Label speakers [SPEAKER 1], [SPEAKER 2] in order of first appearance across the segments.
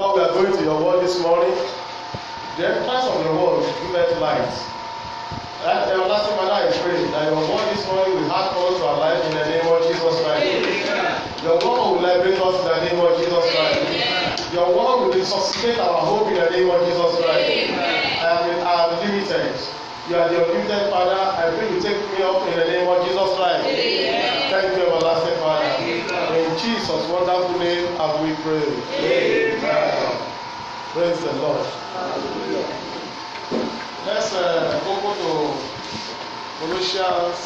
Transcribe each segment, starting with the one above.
[SPEAKER 1] Lord, we are going to your word this morning. The entrance of your word give us light. That everlasting Father, is pray that your word this morning will help us to our life in the name of Jesus Christ. Your word will liberate us in the name of Jesus Christ. Your word will resuscitate our hope in the name of Jesus Christ. I am, I am limited. You are the unlimited Father. I pray you take me up in the name of Jesus Christ. Thank you, everlasting Father. In Jesus' wonderful name have we prayed. Amen. Praise the Lord. Hallelujah. Let's uh, go to Colossians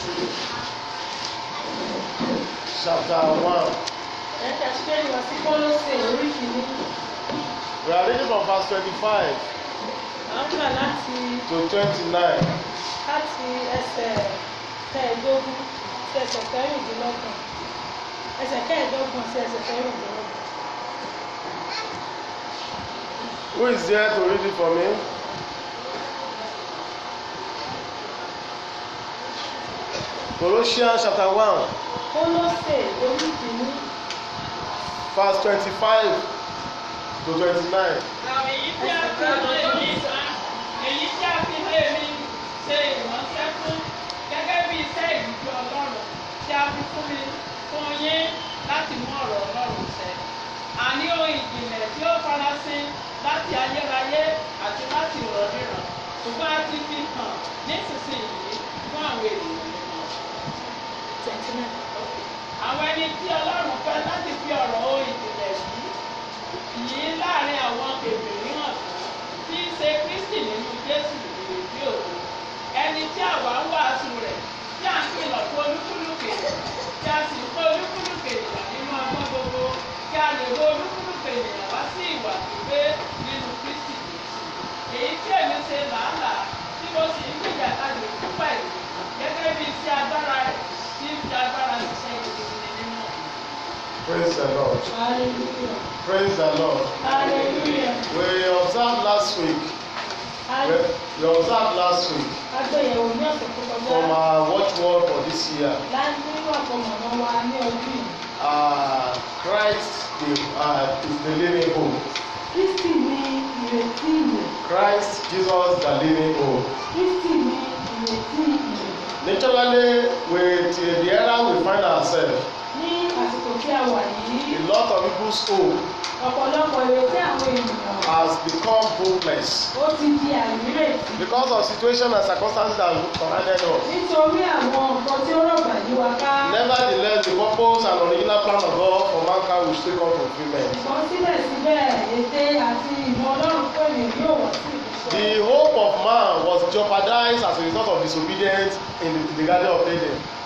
[SPEAKER 1] chapter one. We are reading from verse twenty-five to twenty-nine.
[SPEAKER 2] ẹsẹ̀ kẹẹ̀ẹ́dógún sí ẹsẹ̀ kẹrìndínlọ́gbọ̀n ẹsẹ̀
[SPEAKER 1] Who is there to read it for me? Colossians chapter one. Verse twenty-five to
[SPEAKER 3] twenty-nine.
[SPEAKER 2] láti mú ọ̀rọ̀ Ọlọ́run ṣẹ. Àní ohun ìjìnlẹ̀ tí ó farasin láti ayérayé àti láti ìrọ̀rìnràn ṣùgbọ́n a ti fi hàn nísinsìnyí fún àwọn ènìyàn nìkan. àwọn ẹni tí ọlọ́run fẹ́ láti fi ọ̀rọ̀ o ìjìnlẹ̀ yìí yìí láàrin àwọn kèbìrì hàn tí í ṣe Kristi nínú Jésù ìrètí òun ẹni tí àwa ń wàásù rẹ̀ tí a ń pè lọ fún olúkúlùkè tí a sì ń pé olúkúlùkè nínú ọgbọ́n gbogbo kí a lè wo olúkúlùkè. Praise the Lord.
[SPEAKER 3] Hallelujah.
[SPEAKER 1] Praise the Lord. Hallelujah. We observed last week. We observed last week.
[SPEAKER 2] From our watchword
[SPEAKER 1] for this year uh, Christ the, uh, is the living hope.
[SPEAKER 2] Kristi ni ìrètí ìyè.
[SPEAKER 1] Christ Jesus the living hope.
[SPEAKER 2] Kristi ni ìrètí ìyè.
[SPEAKER 1] Naturally, with the era we find ourselves
[SPEAKER 2] ní àsìkò tí a wà
[SPEAKER 1] yìí. a lot of people's home.
[SPEAKER 2] ọ̀pọ̀lọpọ̀ ìrètí àwọn ènìyàn.
[SPEAKER 1] has become hopeless.
[SPEAKER 2] ó ti di àìrírètí.
[SPEAKER 1] because of situation and circumstances that surrounded us.
[SPEAKER 2] nítorí àwọn nǹkan tí ó rọ̀gbà yí wa ká. nevertheless
[SPEAKER 1] the purpose and original plan of God for mankind will still come to fulfilment. ṣùgbọ́n
[SPEAKER 2] síbẹ̀síbẹ̀ ète àti ìmọ̀ ọlọ́run pé yóò wá sí
[SPEAKER 1] the hope of man was jeopardized as a result of disobedience in the, in the garden of Eden.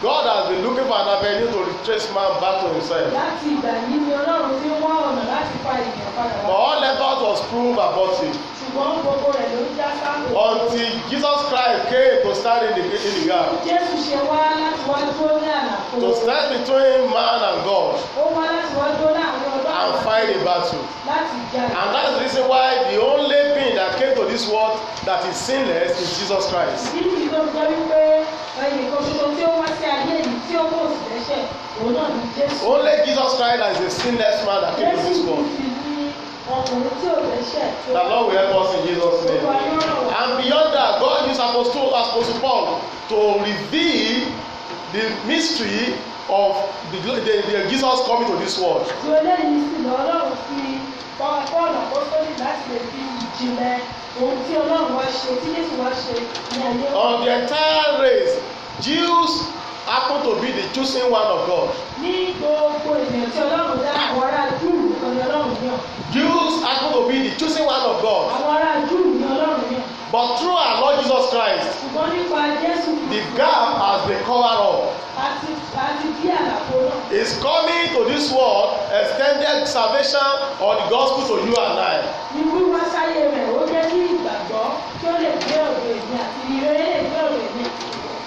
[SPEAKER 1] God has been looking for an avenue to retrace man back to himself. Láti
[SPEAKER 2] ìgbà yìí ni Ọlọ́run ti wá ọ̀nà láti fa ènìyàn padà wá. All effort
[SPEAKER 1] was proved abortive.
[SPEAKER 2] Ṣùgbọ́n gbogbo rẹ̀ ló já sáfù. Until
[SPEAKER 1] Jesus Christ came to stand in the in the gap.
[SPEAKER 2] Jésù ṣe wá láti wá dúró ní àlàfo. To
[SPEAKER 1] stand between man and God.
[SPEAKER 2] Ó wá láti wá dúró láàrin
[SPEAKER 1] Ọlọ́run. And fight a battle.
[SPEAKER 2] Láti jà. And that is the reason
[SPEAKER 1] why the only being that came to this world that is sinless is Jesus Christ.
[SPEAKER 2] Ìdí ìdí wípé ẹnìkan ṣoṣo only jesus
[SPEAKER 1] christ as a sinless man that came to
[SPEAKER 2] this world. ọkùnrin the
[SPEAKER 1] lord will help us in jesus name. and beyond that god used apostle apostle paul to reveal the mystery of the, the, the Jesus coming to this world. Tí
[SPEAKER 2] eléyìí sì lọ Ọlọ́run fi Paul Apostolic láti lè fi ìjìnlẹ̀ ohun tí Ọlọ́run wá ṣe tí Jésù wá ṣe ní ayé. On the entire race, Jews
[SPEAKER 1] happen to be the chosen one of God. Ní gbogbo
[SPEAKER 2] ènìyàn tí Ọlọ́run dá àwọn ará
[SPEAKER 1] Júù ni Ọlọ́run yàn. Jews happen to be the chosen one of God. Àwọn ará Júù ni Ọlọ́run yàn. But through our Lord Jesus Christ, the gap has been covered up. Is coming to this world extended salvation or the gospel to you and I.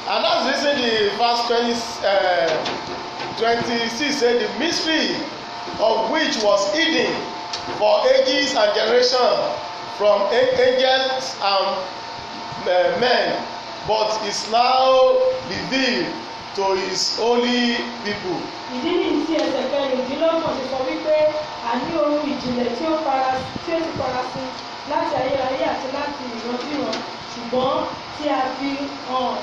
[SPEAKER 1] And that's reason the verse twenty eh, twenty-six say the mystery of which was hidden for ages and generations from angels and uh, men but is now revealed to his holy people. ìdí nìyí tí ẹsẹ̀ kẹrìndínlọ́gbọ̀n ti sọ
[SPEAKER 2] wípé a ní ohun ìjìnlẹ̀ tí ó farasin láti ayérayé àti láti ìran díran ṣùgbọ́n Um,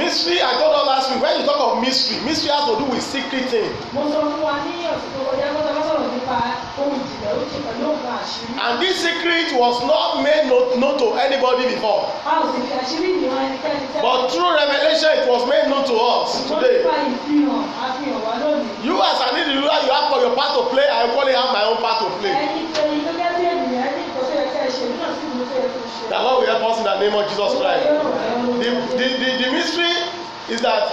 [SPEAKER 1] mystery I told all last week when you talk of mystery mystery has to do with secret thing. and this secret was not made known to anybody before. but through revelation it was made known to us today.
[SPEAKER 2] you as an individual you have your part
[SPEAKER 1] to play I equally have my own
[SPEAKER 2] part to play
[SPEAKER 1] that Lord will help us in the name of Jesus Christ. The, the, the, the mystery is that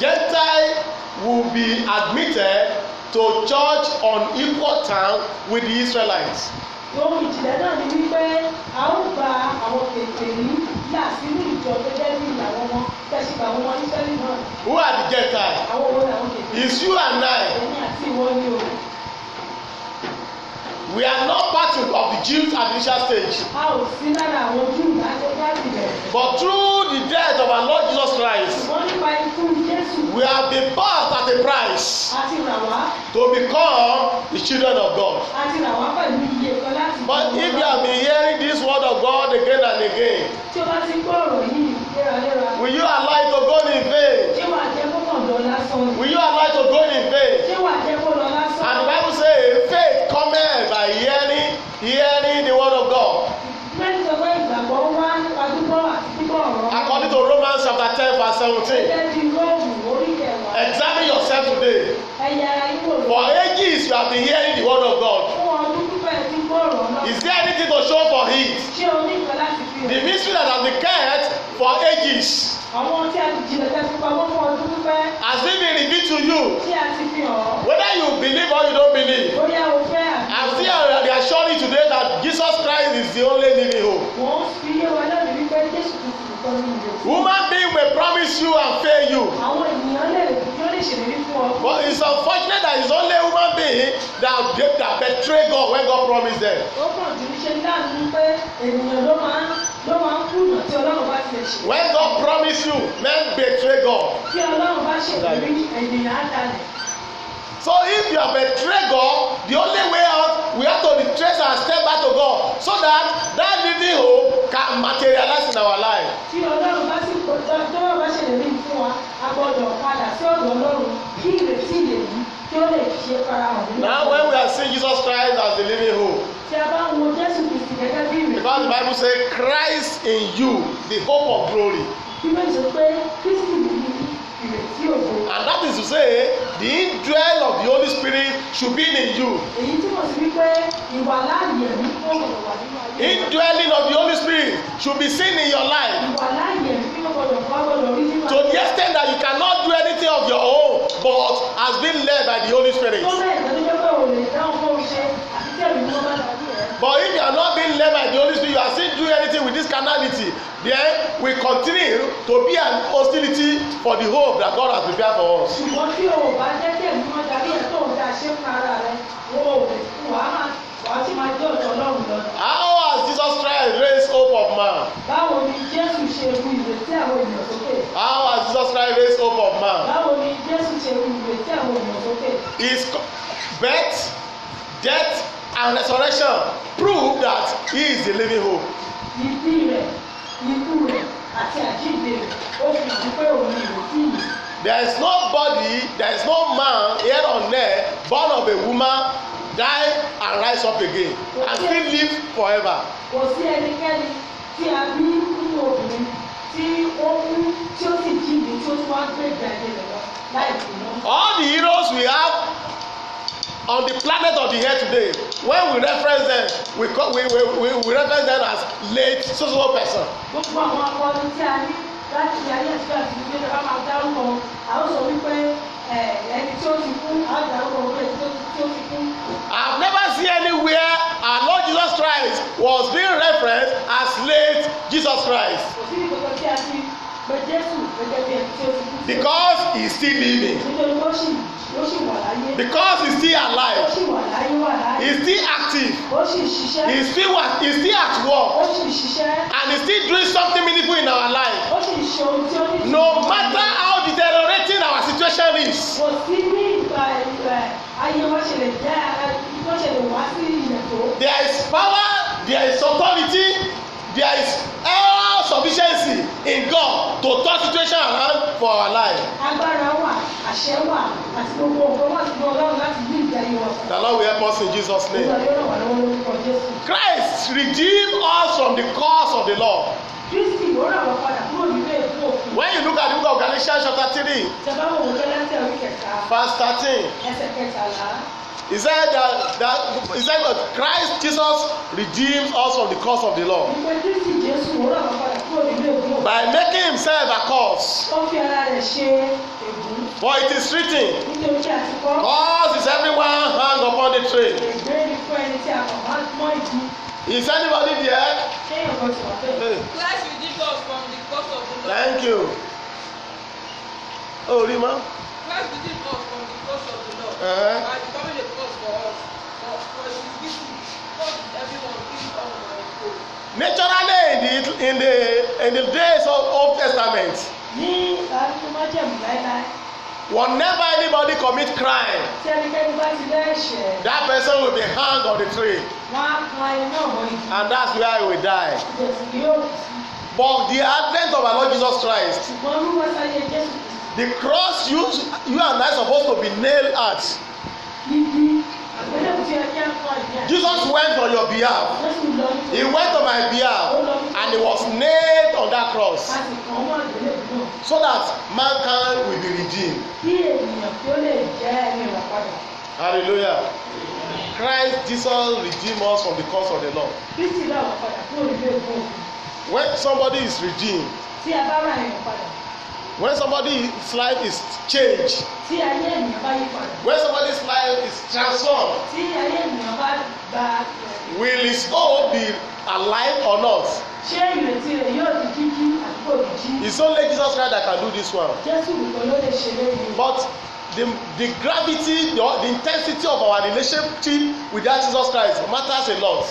[SPEAKER 1] Gentile will be admitted to church on equal terms with the Israelites. who are the Gentiles? It's you and I we are not part of the Jews at the initial stage. but through the death of our Lord Jesus Christ. we have been bought at a price. to become the children of God.
[SPEAKER 2] but if you have been hearing
[SPEAKER 1] this word of God again and again.
[SPEAKER 2] will you allow it
[SPEAKER 1] to go in vain? lọ lásán. will you allow to go in faith? ṣé wàá jẹ́ kó lọ lásán. and the bible say faith cometh by hearing hearing the word of God. according to romans chapter ten verse seventeen.
[SPEAKER 2] examine yourself today. for ages you have
[SPEAKER 1] been hearing the word of God.
[SPEAKER 2] is there anything to show for it? the mystery that has been kept
[SPEAKER 1] for ages.
[SPEAKER 2] Àwọn tí a ti jìnnà tí pamọ́ fún ọdún pípẹ́. Has it been revealed to you? Tí a ti fi hàn Whether you
[SPEAKER 1] believe or you don't believe. Bóyá
[SPEAKER 2] o fẹ́ àbí. I still reassure you
[SPEAKER 1] today that Jesus Christ is the only living hope. Wọ́n
[SPEAKER 2] fi yé wa lẹ́nu wípé Jésù Kristu nìkan ni ìjọba. Woman
[SPEAKER 1] being may promise you and fail you. Àwọn ènìyàn lè ló lè ṣèlérí fún ọ. But it's unfortunate that it's only woman being that that betray God when God promised them.
[SPEAKER 2] Ó kàn jù ní ṣe dáàbò pé ènìyàn ló máa ń when God promise you men
[SPEAKER 1] betray God. So if you have betrayed God, the only way out, we have to retrace and step back to God so that that living hope can materialize in our life.
[SPEAKER 2] Tí Ọlọ́run bá sì tọ́wọ́ bá fún wa, a gbọ́dọ̀ padà sí ọ̀dọ̀ Ọlọ́run kí ìrètí lè yí now
[SPEAKER 1] when we are seeing Jesus Christ as the living hope.
[SPEAKER 2] because the Bible
[SPEAKER 1] says, Christ in you the hope of glory and that is to say the indwell of the holy spirit should be in you.
[SPEAKER 2] indwelling of the holy
[SPEAKER 1] spirit should be seen in your
[SPEAKER 2] life. to the extent that you
[SPEAKER 1] cannot do anything of your own but has been led by the holy spirit.
[SPEAKER 2] But
[SPEAKER 1] if you are not being led by the Holy Spirit, you are still doing anything with this carnality, then we continue to be an hostility for the hope that God has prepared for us. Ṣùgbọ́n tí o
[SPEAKER 2] bá jẹ́ kí ẹ̀mí wọn darí ẹ̀ tó ń dá ṣé fún ara rẹ̀, wo wàá wàá ti máa jẹ́ ọ̀dọ̀ Ọlọ́run lọ. How has Jesus Christ
[SPEAKER 1] raised hope of man?
[SPEAKER 2] Báwo ni Jésù ṣe ru ìrètí àwọn ènìyàn sókè? How has Jesus
[SPEAKER 1] Christ raised hope of man?
[SPEAKER 2] Báwo ni Jésù ṣe ru ìrètí àwọn ènìyàn sókè?
[SPEAKER 1] His birth, death, and resurrection prove that he is the living hope. There is no body, there is no man here on earth born of a woman die and rise up again and still live forever. Kò
[SPEAKER 2] sí ẹnikẹ́ni tí a bí nínú obìnrin tí ó kú tí ó sì jíǹde tí ó tún wá gbé ìgbà ayé lọ láì kú náà.
[SPEAKER 1] All the heroes we have on the planet of the earth today when we reference them we call we we we, we reference them as late so so person.
[SPEAKER 2] gbogbo àwọn akọni tí a ní láti ayé ẹ̀sìn àti ìgbé ìjọba máa dárúkọ a ó sọ wípé ẹni tí ó ti kú a ó dárúkọ wípé ẹni tí ó ti kú. I have never seen anywhere our Lord Jesus Christ was being referenced as
[SPEAKER 1] late Jesus Christ.
[SPEAKER 2] kò sí ìgbésẹ̀ tí a ti
[SPEAKER 1] because he still living. because he still alive. ó he still active. ó he still was he still at work. and he still doing something meaningful in our life. no matter how deteriorating our situation is. there is power there is authority there is all sufficiency in God to turn situation around for our life.
[SPEAKER 2] agbára wà àṣẹ wà àti gbogbo nǹkan wà sí ọlọ́run láti bí ìgbé ayé wa. the lord
[SPEAKER 1] will help us in jesus name. christ redeem us from the curse of the law. kristi ló rà wá padà kúrò
[SPEAKER 2] nílé ìlú òfin. when you look at the book of galatians chapter three. jaba wo galatians orí kẹta.
[SPEAKER 1] verse thirteen.
[SPEAKER 2] ẹsẹ̀ kẹtàlá
[SPEAKER 1] he said that that he said that Christ Jesus redeems us from the curse of the law by making himself a curse for it is written
[SPEAKER 2] curse is everyone hang
[SPEAKER 1] upon the tree is anybody there.
[SPEAKER 2] Christ redeemed us from the curse of the law. thank
[SPEAKER 1] you. Oh, Rima.
[SPEAKER 2] Christ redeemed us from the curse of the law uh-huh. by becoming
[SPEAKER 3] a curse for us.
[SPEAKER 1] Naturally, in the, in the, in the days of Old Testament,
[SPEAKER 2] whenever
[SPEAKER 1] anybody commit crime
[SPEAKER 2] that
[SPEAKER 1] person will be hanged on the tree and that's where he will die but the advent of our lord jesus christ the cross you you and I supposed to be nailed at.
[SPEAKER 2] Jesus went
[SPEAKER 1] on your behalf.
[SPEAKER 2] He went on my behalf
[SPEAKER 1] and he was nailed on that cross so that
[SPEAKER 2] mankind will be redeemed.
[SPEAKER 1] Hallelujah. Christ Jesus redeemed us from the curse of the law. When somebody is redeemed. When somebody's life is changed, when somebody's life is transformed, will his own be alive or not? It's only Jesus Christ that can do this one. But the the gravity the, the intensity of our relationship with that Jesus Christ matters a lot.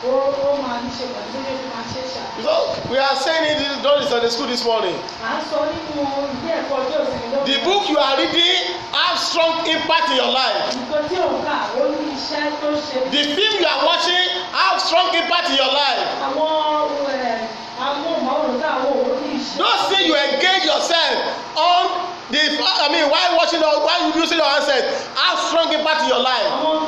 [SPEAKER 1] So we are saying it during Sunday school this morning.
[SPEAKER 2] The book you are reading
[SPEAKER 1] have strong impact in your life.
[SPEAKER 2] The film you are watching have strong impact in your life.
[SPEAKER 1] Those things you engage yourself on the I mean while watching or while using your handset have strong impact in your life.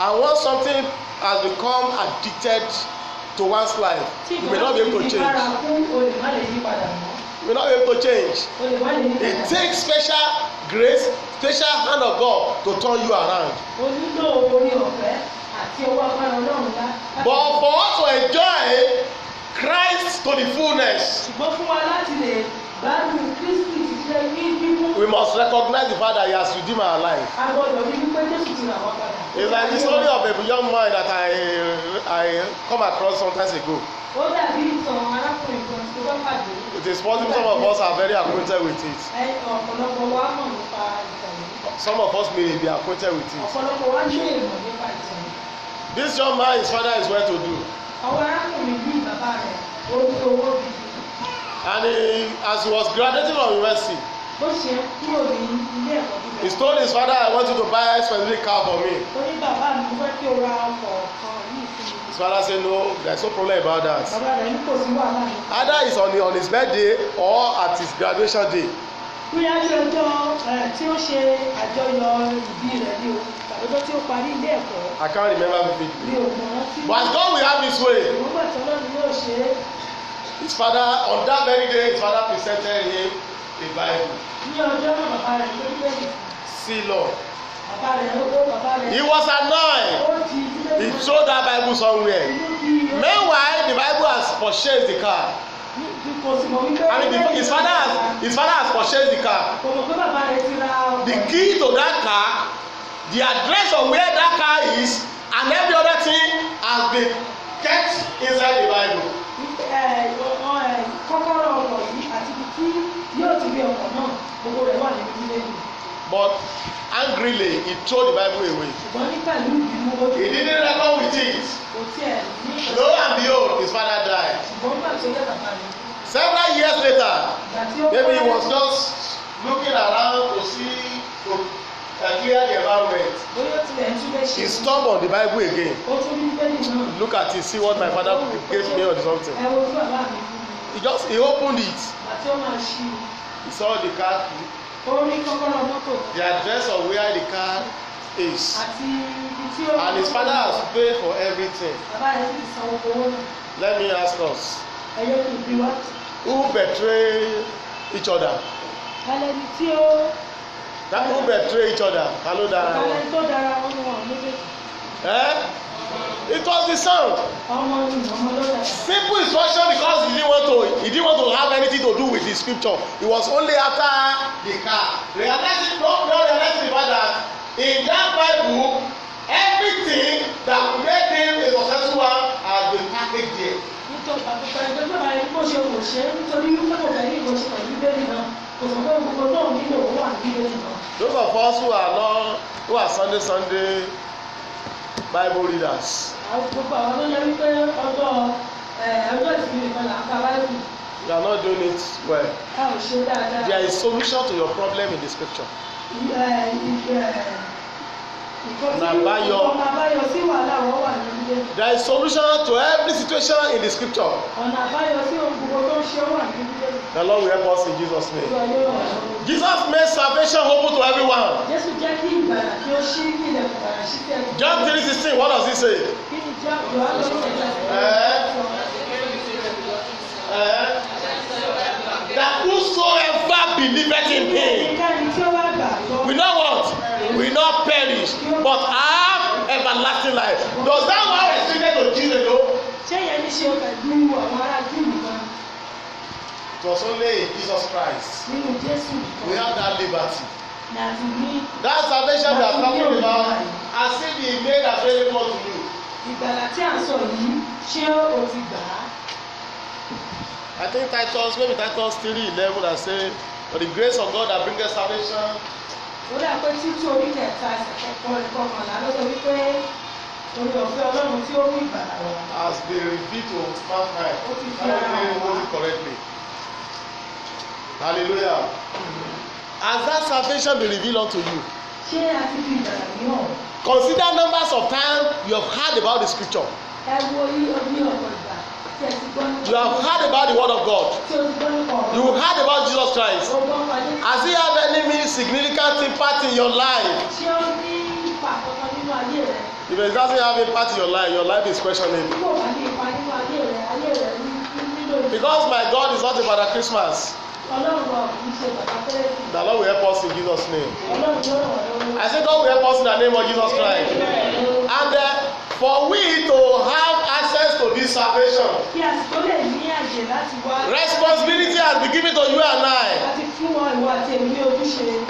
[SPEAKER 1] and once something has become addicted to one's life you may not be able to change
[SPEAKER 2] you
[SPEAKER 1] may not be able to change
[SPEAKER 2] it takes special
[SPEAKER 1] grace special hand of God to turn you around
[SPEAKER 2] but for us to enjoy
[SPEAKER 1] Christ to the fullness. ṣùgbọ́n fún wa láti lè
[SPEAKER 2] gbádùn Kristi ṣiṣẹ́ ní bíbú.
[SPEAKER 1] we must recognize the fact that he has redeemed our life.
[SPEAKER 2] a gbọ́dọ̀ wípé Jésù ti rà wá padà.
[SPEAKER 1] it's like the story of a young man that I I come across some time ago.
[SPEAKER 2] ó dàbí ìtàn arákùnrin kan tó bá pàdé. it
[SPEAKER 1] is possible some of us are very acquainted with it.
[SPEAKER 2] ọ̀pọ̀lọpọ̀ wa mọ̀ nípa ìtàn
[SPEAKER 1] some of us may be acquainted with it. ọ̀pọ̀lọpọ̀ wa ní èèmọ̀ nípa ìtàn this young man his father is well to do
[SPEAKER 2] and
[SPEAKER 1] he, as he was graduating from university. he told his father I want you to buy a specific car for me. his father say no there is no problem about that. either he is on, on his birthday or at his graduation day
[SPEAKER 2] bóyá ní ọjọ́ tí ó ṣe àjọyọ̀ ìbí rẹ̀ ni o tàbí ọjọ́ tí ó parí ilé ẹ̀kọ́.
[SPEAKER 1] I can't remember vividly. mi
[SPEAKER 2] ò mọ̀ ọ́n But God will have his way. ìwúgbà tí ọlọ́run yóò ṣe é.
[SPEAKER 1] His father on that very day his father presented him the Bible.
[SPEAKER 2] ní ọjọ́ náà bàbá rẹ̀ ló gbé yìí. See Lord. bàbá rẹ̀ ló gbé bàbá rẹ̀. He was annoyed. He
[SPEAKER 1] sold that Bible somewhere. Meanwhile the Bible has purchased the car.
[SPEAKER 2] I mean, his father has
[SPEAKER 1] his father has purchased the car.
[SPEAKER 2] The key to that
[SPEAKER 3] car, the address of where that car
[SPEAKER 1] is,
[SPEAKER 2] and every other thing has been kept inside the Bible. kọ́kọ́rọ́ ọkọ̀ yìí àti ibi yóò ti gbé ọkọ̀ náà gbogbo rẹ̀ wà níbi tí lẹ́yìn
[SPEAKER 1] but angrily he throw the bible away. he didn't reckon with it. kò lo and behold his father died. several years later maybe he was just looking around to see to clear the environment. he stop on the bible again. look at it see what my father gave me or something. he just he opened it. he saw the cat
[SPEAKER 2] ó rí kọ́kọ́rọ́ mọ́tò. the
[SPEAKER 1] address of where the car is.
[SPEAKER 2] àti ibi tí ó. and his father has
[SPEAKER 1] paid for everything.
[SPEAKER 2] bàbá rẹ̀ sì san owó náà.
[SPEAKER 1] let me ask us.
[SPEAKER 2] ẹ̀yọ́ kì bí wá.
[SPEAKER 1] who betray each other.
[SPEAKER 2] ẹlẹ́ni tí ó.
[SPEAKER 1] that who betray each other. ta ló
[SPEAKER 2] tó dára wọn ni méjèèjì.
[SPEAKER 1] Eh? It was the sound.
[SPEAKER 2] is
[SPEAKER 1] instruction because he didn't want to he didn't want to have anything to do with the scripture. It was only after the car. Realizing don't realize the fact that in that Bible everything that made him a successful one has been packaged there. those of us who are not who are Sunday Sunday. Bible readers.
[SPEAKER 2] Eh, you
[SPEAKER 1] are not doing it
[SPEAKER 2] well. There is solution
[SPEAKER 1] to your problem in the scripture.
[SPEAKER 2] Yeah, yeah ọ̀nà
[SPEAKER 1] there is solution to every situation in the scripture. the lord will help us in jesus name. jesus made salvation open to everyone.
[SPEAKER 2] jésù jẹ́ john three sixteen what does he say. kí ni
[SPEAKER 1] that whosoever believeth in him will not what will not perish but have everlasting life does that one restrict to jesus
[SPEAKER 2] o. ṣé
[SPEAKER 1] it was only in jesus christ
[SPEAKER 2] we have
[SPEAKER 1] that liberty.
[SPEAKER 2] that salvation we are talking about as if he made available to you. ìgbàlá tí a sọ yìí ṣé o ti gbà á.
[SPEAKER 1] I think Titus, maybe Titus three eleven. that say, For the grace of God that bringeth salvation.
[SPEAKER 2] Ó dà pé títí orí kẹta ẹsẹ̀ kọkànlá ló sọ wípé orí ọ̀fẹ́ Ọlọ́run tí ó mú ìgbàlá
[SPEAKER 1] wá. Has been revealed to us mankind. Ó ti fi ara wọn wá. correctly. Hallelujah. As that salvation been revealed unto you? Ṣé a ti fi ìgbàlá ní ọ̀run? Consider numbers of times you have heard about the scripture.
[SPEAKER 2] Ẹ wo iye ọdún ọ̀pọ̀ ìgbà. You have heard about the word of God. You heard about Jesus Christ. Has he had any
[SPEAKER 1] significant impact in your life? If it doesn't have impact in your life, your life is questioning.
[SPEAKER 2] Because my God is
[SPEAKER 1] not a Father Christmas. The Lord will help us in Jesus' name. I say God will help us in the name of Jesus Christ. And uh, for we to have access to this salvation. responsibility has been given to you and I.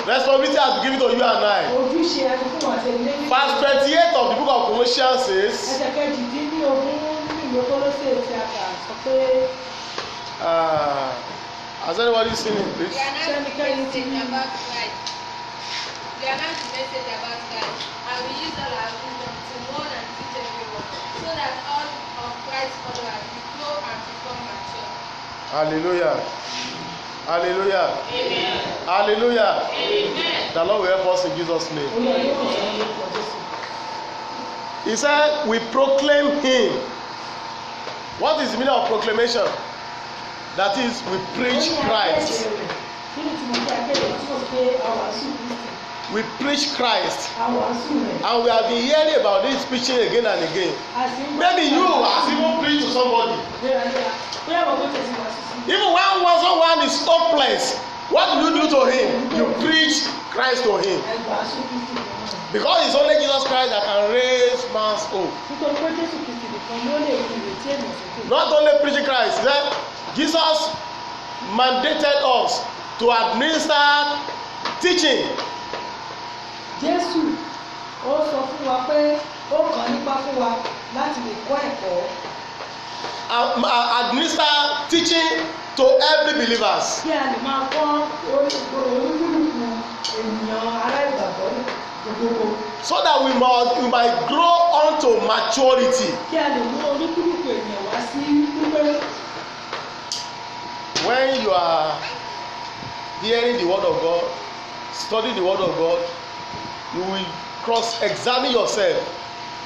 [SPEAKER 1] responsibility has been given to you and I. ojúṣe
[SPEAKER 2] àti verse twenty-eight of the
[SPEAKER 1] book of Colossians says. ẹsẹ̀
[SPEAKER 2] kejì dín ní ogún
[SPEAKER 4] nílùú
[SPEAKER 1] ah, Has anybody seen it, please? Hallelujah. Hallelujah. Amen. Hallelujah. Amen. The Lord will help us in Jesus' name. Amen. He said, We proclaim Him. What is the meaning of proclamation? That is, we preach Christ we preach Christ and we have been hearing about this preaching again and again maybe you has even preached to somebody even when someone is hopeless what do you do to him you preach Christ to him because it's only Jesus Christ that can raise man's hope not only preaching Christ then Jesus mandated us to administer teaching jésù
[SPEAKER 2] ó sọ fún wa pé ó kàn nípa fún wa láti lè kọ́ ẹ̀kọ́.
[SPEAKER 1] administer teaching to every believers. kí a lè máa kọ́ olúkúlùkù ènìyàn aláìgbàgbọ́ gbogbo. so that we must we might grow unto maturity. kí a lè mú olúkúlùkù ènìyàn wá sí pípé. when you are hearing the word of God study the word of God you will cross examine yourself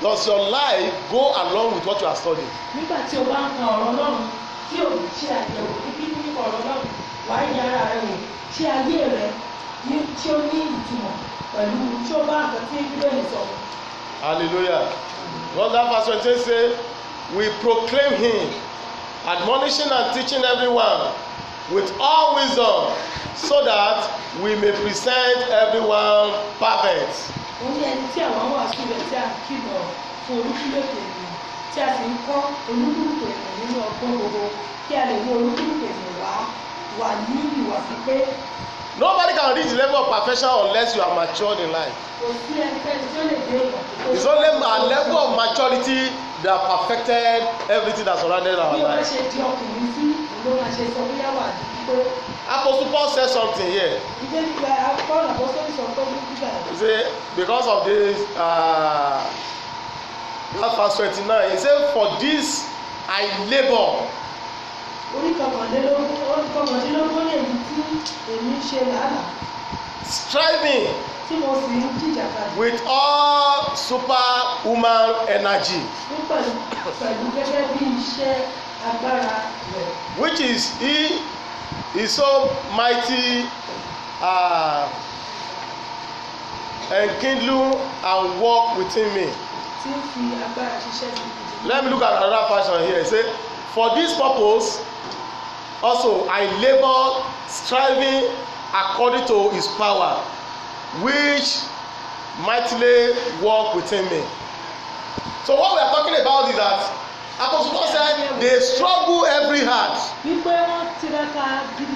[SPEAKER 1] does your life go along with what you are studying.
[SPEAKER 2] nígbà tí o bá ń ka ọ̀rọ̀ Ọlọ́run tí o ṣe àyẹ̀wò bíbí nípa ọ̀rọ̀ Ọlọ́run wàá yẹ ara rẹ wò ṣé ayé rẹ ní tí ó ní ìtumọ̀ pẹ̀lú tí ó bá nǹkan tí bíbélì sọ.
[SPEAKER 1] hallelujah God that verse twenty say we proclaim him admonishing and teaching everyone with all wisdom so that we may present everyone perfect.
[SPEAKER 2] ó ẹni tí àwọn wà síbẹ̀ tí a kìlọ̀ fún olúkúlùkù ènìyàn tí a sì ń kọ́ olúkúlùkù ènìyàn nínú ọgbọ́n gbogbo kí a lè mú olúkúlùkù ènìyàn wá wà ní ìwà pípé.
[SPEAKER 1] Nobody can reach the level of perfection unless you are matured in life.
[SPEAKER 2] It's only my level of maturity
[SPEAKER 1] that perfected everything that surrounded our life.
[SPEAKER 2] Apostle
[SPEAKER 1] Paul said something here. He said, uh, because of this, uh, verse 29, he said, For this I labor. Striving with all superhuman energy. Which is he He's so mighty uh, and kindle and work within me. Let me look at another version here. He says, For this purpose also I labour striving according to his power which mightily work within me. So what we are talking about is that
[SPEAKER 2] Apostle Paul said they struggle every heart.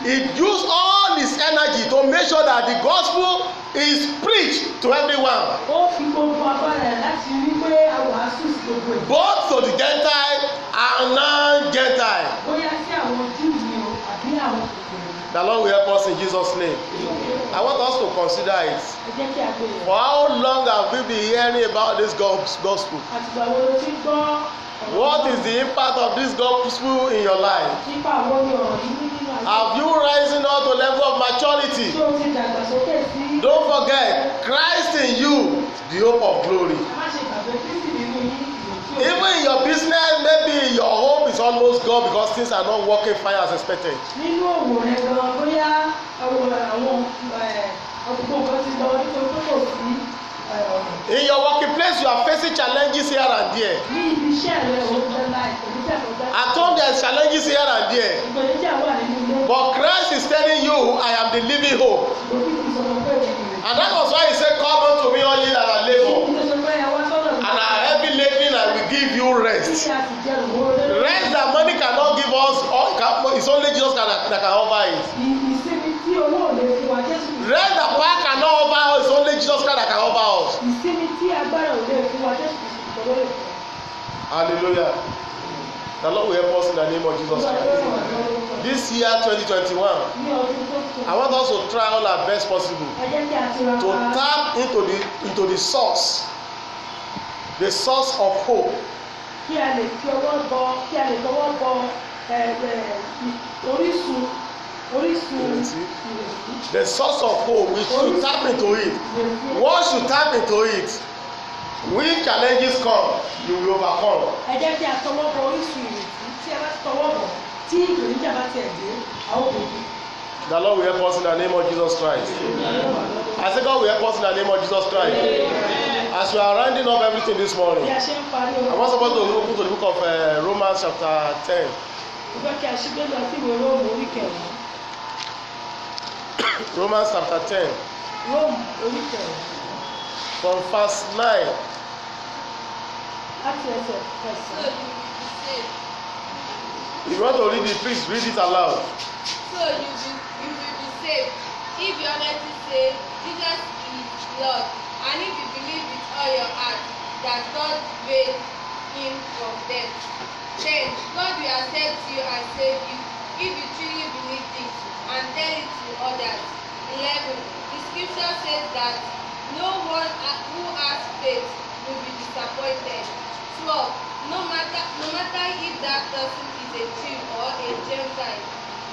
[SPEAKER 1] He used all his energy to make sure that the gospel is preached to everyone. Both to the Gentile and non-Gentile. The Lord will help us in Jesus' name. I want us to consider it. For how long have we been hearing about this gospel? What is the impact of this gospel in your life? Have you risen up to level of maturity? Don't forget, Christ in you, the hope of glory even in your business maybe your home is almost gone because things are not working fine as expected.
[SPEAKER 2] nínú òwò rẹ gan bóyá àwọn àwọn eh, ọgbọ́n kan ti lọ nípa kò sí.
[SPEAKER 1] Eh, in your working place, you are facing challenges here and there.
[SPEAKER 2] I told you there are challenges here and
[SPEAKER 1] there. But Christ is telling you, I am the living hope. And that was why he said, Come unto me all ye that are labor
[SPEAKER 2] give you rest
[SPEAKER 1] rest that money cannot give us
[SPEAKER 2] or it's
[SPEAKER 1] only Jesus can, that can offer it
[SPEAKER 2] rest that power cannot offer us it's only Jesus that can offer us
[SPEAKER 1] hallelujah the Lord will help us in the name of Jesus Christ this year 2021 I want us to try all our best possible to tap into the into the source the source of hope.
[SPEAKER 2] kí a lè fi ọwọ́ bọ kí a lè fọwọ́ bọ orísun orísun ìrètí.
[SPEAKER 1] the source of hope we should tap into it
[SPEAKER 2] one should tap
[SPEAKER 1] into it when challenges come you will overcome.
[SPEAKER 2] ẹ jẹ́ kí a tọwọ́ bọ orísun ìrètí tí a bá tọwọ́ bọ̀ tí ìpèníjà bá tiẹ̀ dé
[SPEAKER 1] àwọn òbí. The Lord will help us in the name of Jesus Christ. I say God will help us in the name of Jesus Christ. Amen. As we are rounding up everything this morning,
[SPEAKER 2] I want somebody to open
[SPEAKER 1] to the book of uh, Romans chapter ten. Romans chapter ten. From verse nine. If you want to read it, please read it aloud.
[SPEAKER 4] So you will, you will be saved if you honestly say Jesus is Lord. I need to believe with all your heart that God raised him from death. Then God will accept you and save you if you truly believe this and tell it to others. 11. The scripture says that no one who has faith will be disappointed. 12. No matter, no matter if that person is a Jew or a Gentile,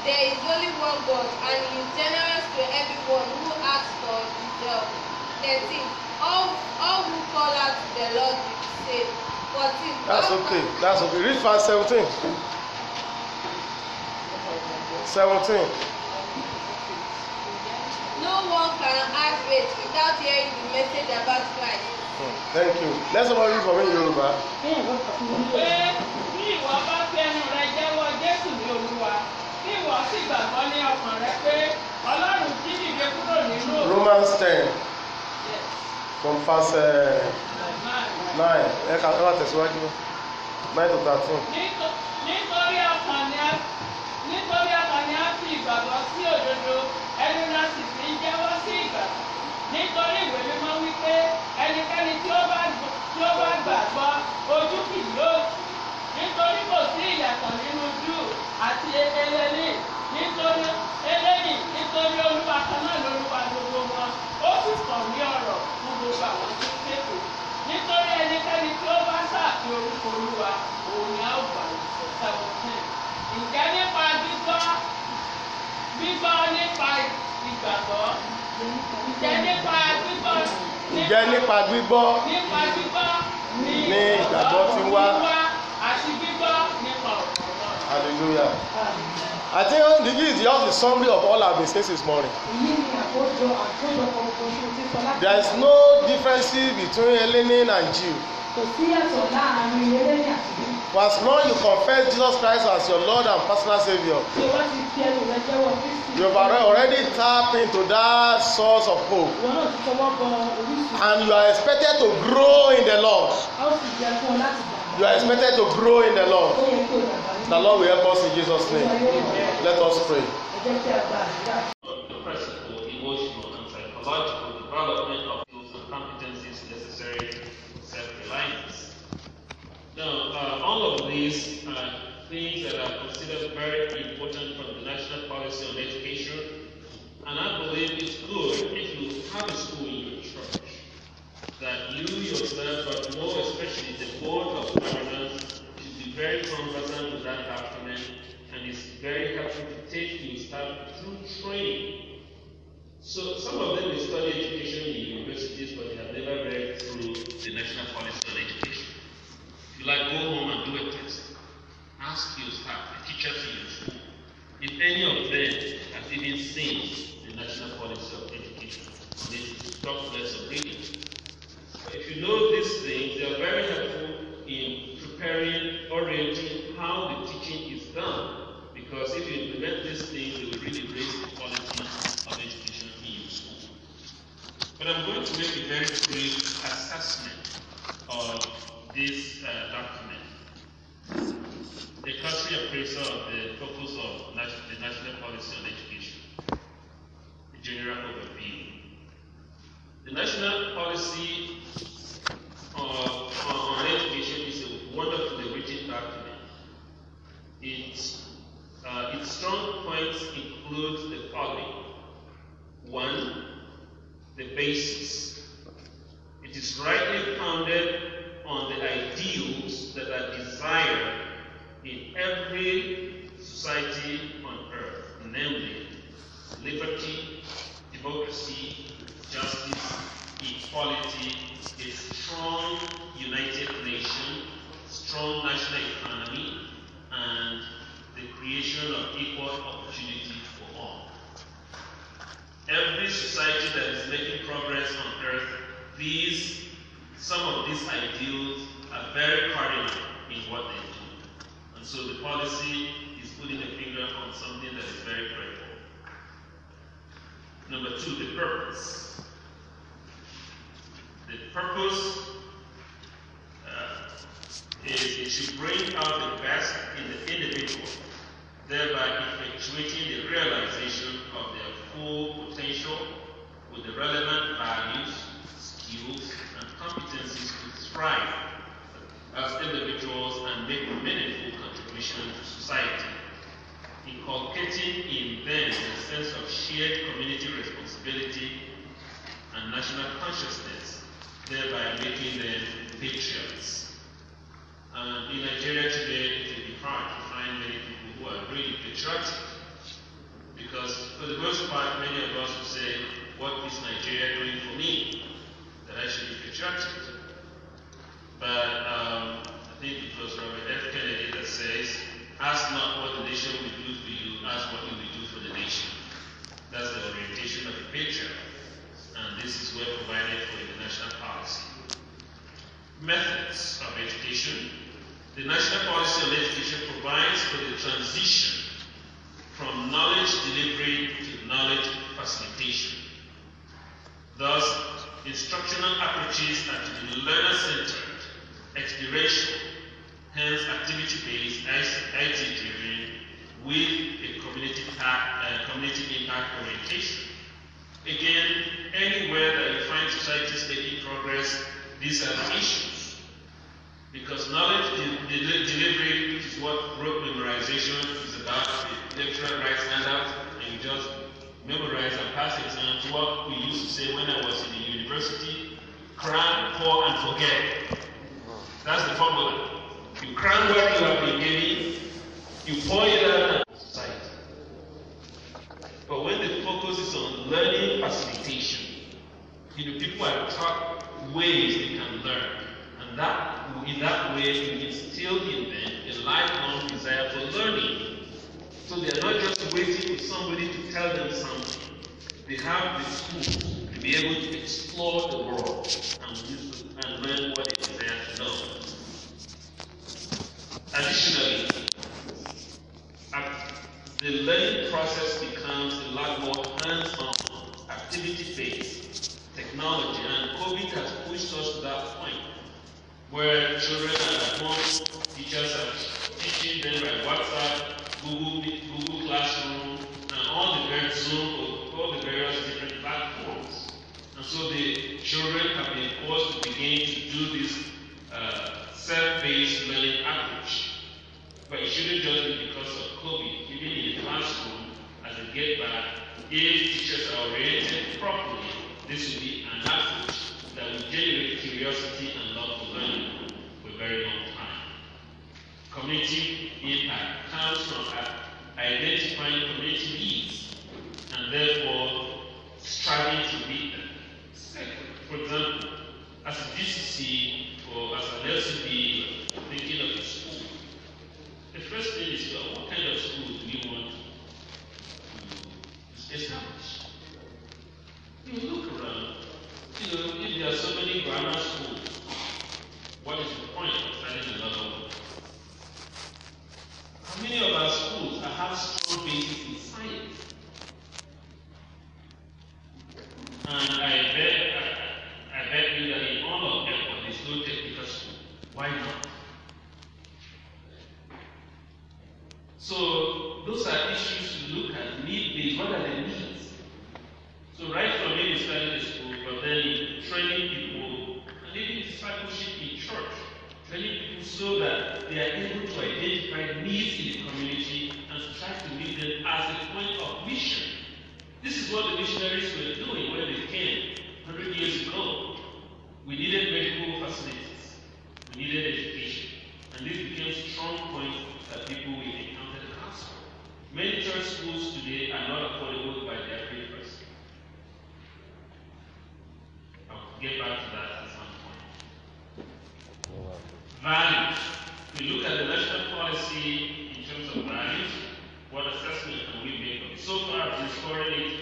[SPEAKER 4] there is only one God and he is generous to everyone who asks for his help thirteen all all who call out to the Lord will be saved fourteen. that's okay
[SPEAKER 1] that's okay read verse seventeen seventeen.
[SPEAKER 4] no one can act faith without hearing the message about Christ.
[SPEAKER 1] Hmm, thank you let's all read for me Yorùbá.
[SPEAKER 4] bí
[SPEAKER 2] ìwọ bá fi ẹnu rẹ jẹ́wọ́ Jésù ní Olúwa bí ìwọ sì gbàgbọ́ ní ọkàn rẹ pé Ọlọ́run jí dìde kúrò nínú. Romans
[SPEAKER 1] ten from past eh, nine ẹ ká ẹ bá tẹ̀síwájú nine to thirteen.
[SPEAKER 2] nítorí ọkàn ni a nítorí ọkàn ni a fi ìgbàgbọ́ sí òdodo ẹnu náà sì fi jẹ́wọ́ sí ìgbàgbọ́ nítorí ìwé mímọ́ wípé ẹnikẹ́ni tí ó bá gbàgbọ́ ojú kì yóò tì nítorí kò sí ìyàtọ̀ nínú júù àti eléyìí nítorí eléyìí nítorí olúwa kan náà lolúwa gbogbo wọn ó sì kàn ní ọ̀rọ̀ gbogbo àwọn tó ṣètò nítorí ẹnikẹ́ni tí ó bá ṣàfi orúkọ olúwa òun ni a ó
[SPEAKER 1] gbà lọ́sọ̀ seventeen
[SPEAKER 2] ǹjẹ́ nípa gbígbọ́ gbígbọ́ nípa ìgbàgbọ́ ǹjẹ́ nípa gbígbọ́
[SPEAKER 1] ǹjẹ́ nípa gbígbọ́
[SPEAKER 2] ní ìgbàgbọ́ ti wá
[SPEAKER 1] hallelujah i think the is just the summary of all our messages this morning there is no difference between hellenic and jew
[SPEAKER 2] for
[SPEAKER 1] as long you confess jesus christ as your lord and personal saviour you have already tapped into that source of hope and you are expected to grow in the lord. You are expected to grow in the Lord. The Lord will help us in Jesus' name. Let us pray. Uh, uh, uh, the emotional,
[SPEAKER 5] and psychological development of competencies necessary for self-reliance. Now, all of these are things that are considered very important from the National Policy on Education, and I believe it's good if you have a school that you yourself understand with that abdomen and it's very happy to take you start through training. So some Again, anywhere that you find societies making progress, these are the issues. Because knowledge de de delivery is what rote memorization is about, the lecturer writes handouts, and you just memorize and pass it. what we used to say when I was in the university, cram, pour, and forget. That's the formula. You cram what you have been getting, you pour it out, learning facilitation. You know, people taught ways they can learn. And that in that way you instill in them a lifelong desire for learning. So they're not just waiting for somebody to tell them something. They have the tools to be able to explore the world and, and learn what they desire to know. Additionally, the learning process becomes a lot more hands-on, activity-based technology, and COVID has pushed us to that point where children are at home, teachers are teaching them by WhatsApp, Google, Google Classroom, and all the various Zoom, all the various different platforms. And so the children have been forced to begin to do this uh, self-based learning approach. But it shouldn't just be because of COVID. Even in the classroom, as a get back, if teachers are oriented properly, this will be an approach that will generate curiosity and love for learning for a very long time. Community impact comes from identifying community needs and therefore striving to meet them. For example, as a DCC or as an LCB, thinking of the first thing is well, uh, what kind of school do we want to establish? You look around, you know, if there are so many grammar schools, what is the point of finding another one? How many of our schools have strong basis in science? And I bet, I, I bet you that in all of them, there's no technical school. Why not? So those are issues to look at. Need-based, what are the needs? So right from maybe starting the school, but then training people, and even discipleship in church, training people so that they are able to identify needs in the community and try to meet them as a point of mission. This is what the missionaries were doing when they came 100 years ago. We needed medical facilities. We needed education. And this became strong points that people will Many church schools today are not affordable by their papers. I'll get back to that at some point. Values. We look at the national policy in terms of values. What assessment can we make of it? So far, it's already it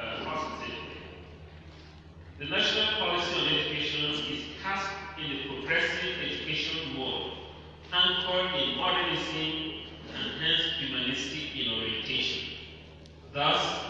[SPEAKER 5] uh, The national policy on education is cast in a progressive education mould, anchored in modernism humanistic in orientation. Thus,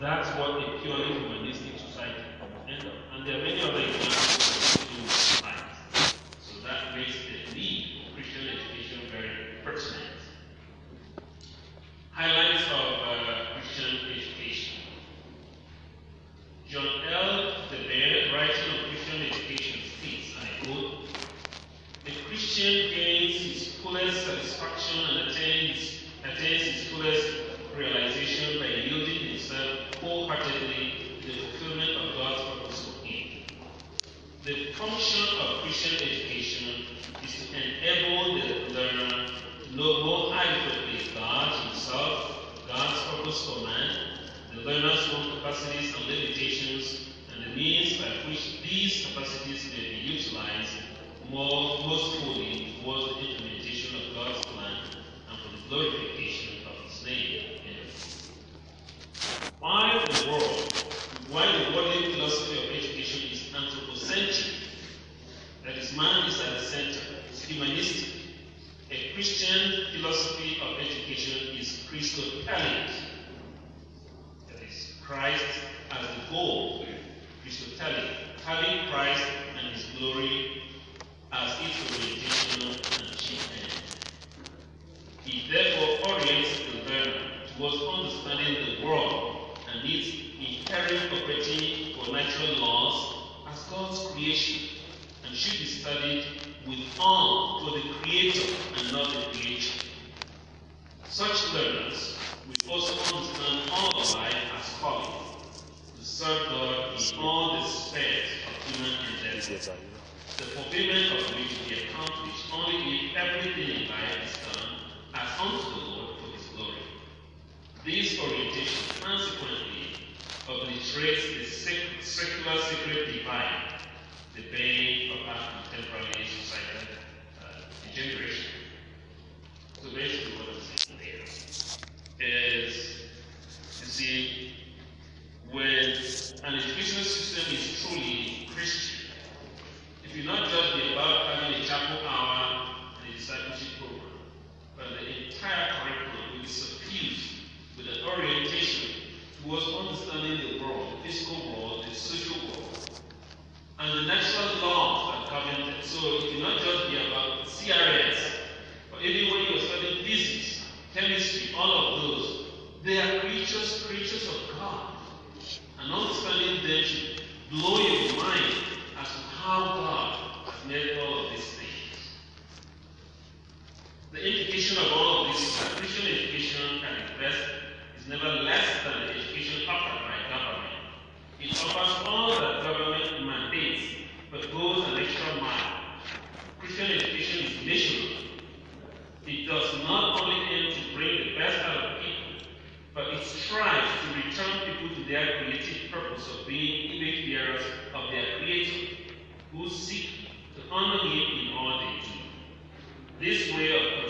[SPEAKER 5] That's what a pure humanistic society ends up. And there are many other examples.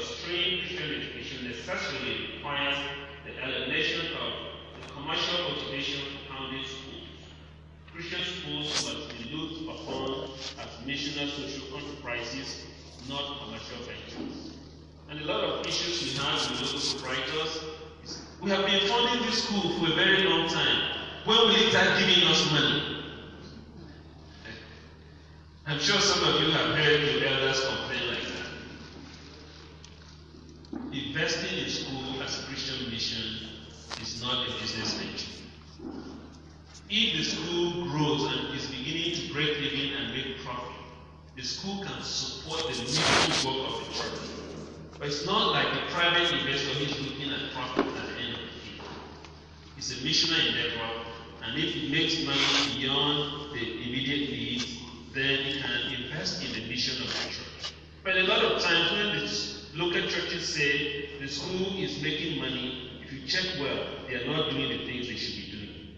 [SPEAKER 5] strange education should necessarily requires the elimination of the commercial motivation founding schools. Christian schools must be looked upon as missional social enterprises, not commercial ventures. And a lot of issues we have with local proprietors is we have been funding this school for a very long time. When will it start giving us money? I'm sure some of you have heard your elders complain investing in school as a Christian mission is not a business venture. If the school grows and is beginning to break even and make profit, the school can support the mission work of the church. But it's not like a private investor who is looking at profit at the end of the day. It's a missionary endeavor, and if it makes money beyond the immediate needs, then it can invest in the mission of the church. But a lot of times when the Local churches say the school is making money. If you check well, they are not doing the things they should be doing.